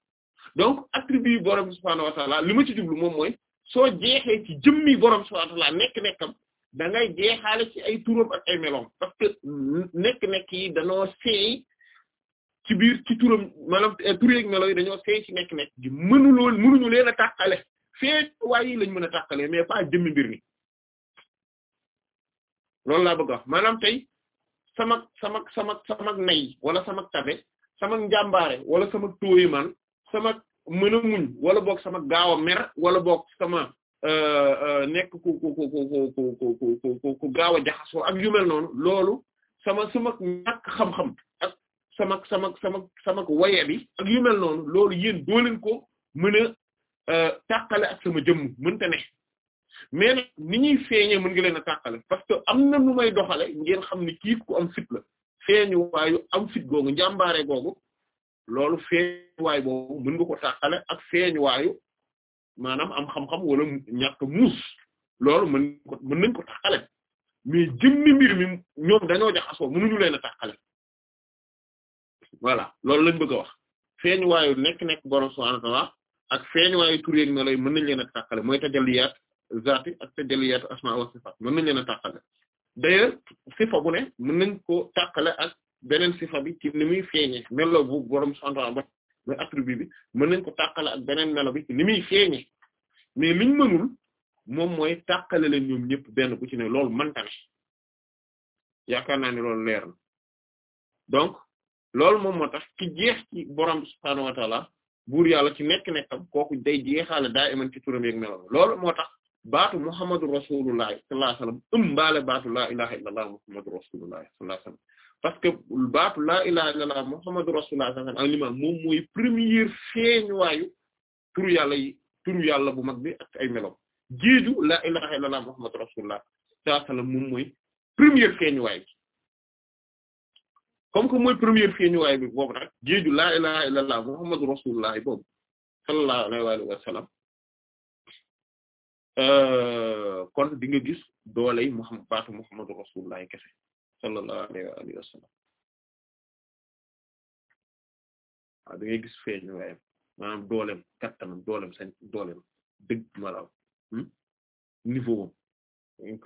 donc attribut borom subhaanahu wa ta'ala li ma ci jublu moom mooy soo jeexee ci jëmmi borom subhaanahu wa nekk-nekkam da jeexaale ci ay turam ay meloom parce nekk-nekk yi dañoo seey ci biir ci turam maanaam euh, tur dañoo seey ci nekk-nekk gi mënuloo mënuñu leen a tàqale feeñ waay yi lañ mën a tàqalee mais pas jëmmi mbir mi loolu laa bëgg wax maanaam tey sama sama sama sama nay wala sama tabe sama njàmbaare wala sama tooyi man sama mën muñ wala book sama gaaw a mer wala book sama nekk ku ku ku ku ku ku gaaw a jaxasoo ak yu mel noonu loolu sama sama ñàkk xam-xam ak sama sama sama sama ak yu noonu loolu yéen dooleen ko mën a Euh, tàqale ak sama jëmm mënta ne mais nag ni ñuy feeñee mën nga leen a tàqale parce que am na nu may doxale ngeen xam ni kii ko am fit la feeñu waayu am fit googu njàmbaare googu loolu feeñu waay boobu mën nga ak feeñu maanaam am xam-xam wala ñàkk muus loolu mën ko mën nañ ko tàqale mais jëmmi mbir mi ñoom dañoo jaxasoo mënuñu leen a tàqale voilà loolu lañ bëgg a wax feeñu waayu nekk nekk borom subhanahu wa ak feeñ waayu tur yeeg melo yi mën nañ leen a tàqale mooy tajalliyaat zaati ak tajalliyaat asmaa wa sifaat mën nañ leen a tàqale d'ailleurs sifa bu ne mën nañ ko tàqale ak beneen sifa bi ci ni muy melo bu borom subhaanahu ba mooy attribut bi mën nañ ko tàqale ak beneen melo bi ci ni muy feeñee mais liñ mënul mooy tàqale leen ñoom ñëpp benn bu ci ne loolu mantane yaakaar naa ne loolu leer na donc loolu moom moo tax ki jeex ci borom subhaanahu wa buur yàlla ci nekk-nekkam kooku day jeexaale daa iman ci turam yeeg melam loolu moo tax baatu muhammadu rasulullah sallallahu alayhi wasallam ëmbaale baatu laa ilaha illallah muhammadu rasulullah sallallahu parce que baatu laa ilaha illallah muhammadu rasulullah sallallahu alayhi wasallam moom mooy première feeñuwaayu turu yàlla yi mag bi ay melam géeju laa ilaha illallah muhammadu rasulullah sallallahu alayhi comme que mooy première fii ñu waay bi boobu nag géeju laa ilaha illallah muhammadu rasulullah boobu sallallahu alayhi wa euh, kon di gis dooley muhammad baatu muhammadu rasulullah kese sallallahu alayhi wa sallam waaw gis feeñ waayam maanaam dooleem kattanam dooleem sañ dooleem dëgg malaw hmm? niveau am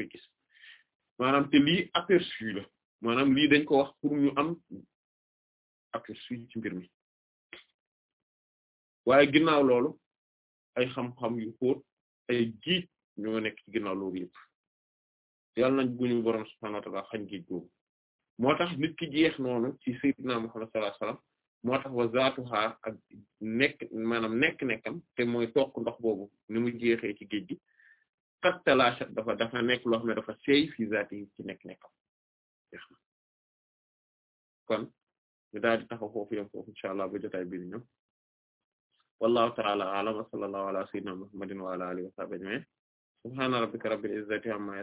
maanaam te lii aperçu la maanaam lii dañ ko wax pour ñu am ak suy ci mbir mi waaye ginnaaw loolu ay xam-xam yu xóot ay géej ñoo nekk ci ginnaaw loolu yëpp yàlla guñu boroom subhaanahu wa ta'aala xañ géej googu moo tax nit ki jeex noonu ci sayyidina Muhammad sallallahu alayhi wasallam moo tax wa zaatuha ak nekk nekkam te mooy toq ndox boobu ni mu jeexee ci géej kat talaasha dafa dafa nekk loo xam dafa seey fi zaati ci nekk nekkam kon ñu daal di taxaw foofu yam foofu incha allah ba jotaay bi ñu ñëw wallahu ta'ala a'lam wa sallallahu ala sayyidina muhammadin wa ala alihi wa sahbihi ajma'in subhana rabbika rabbil izzati amma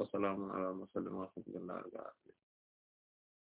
wa salamun ala mursalin walhamdulillahi rabbil alamin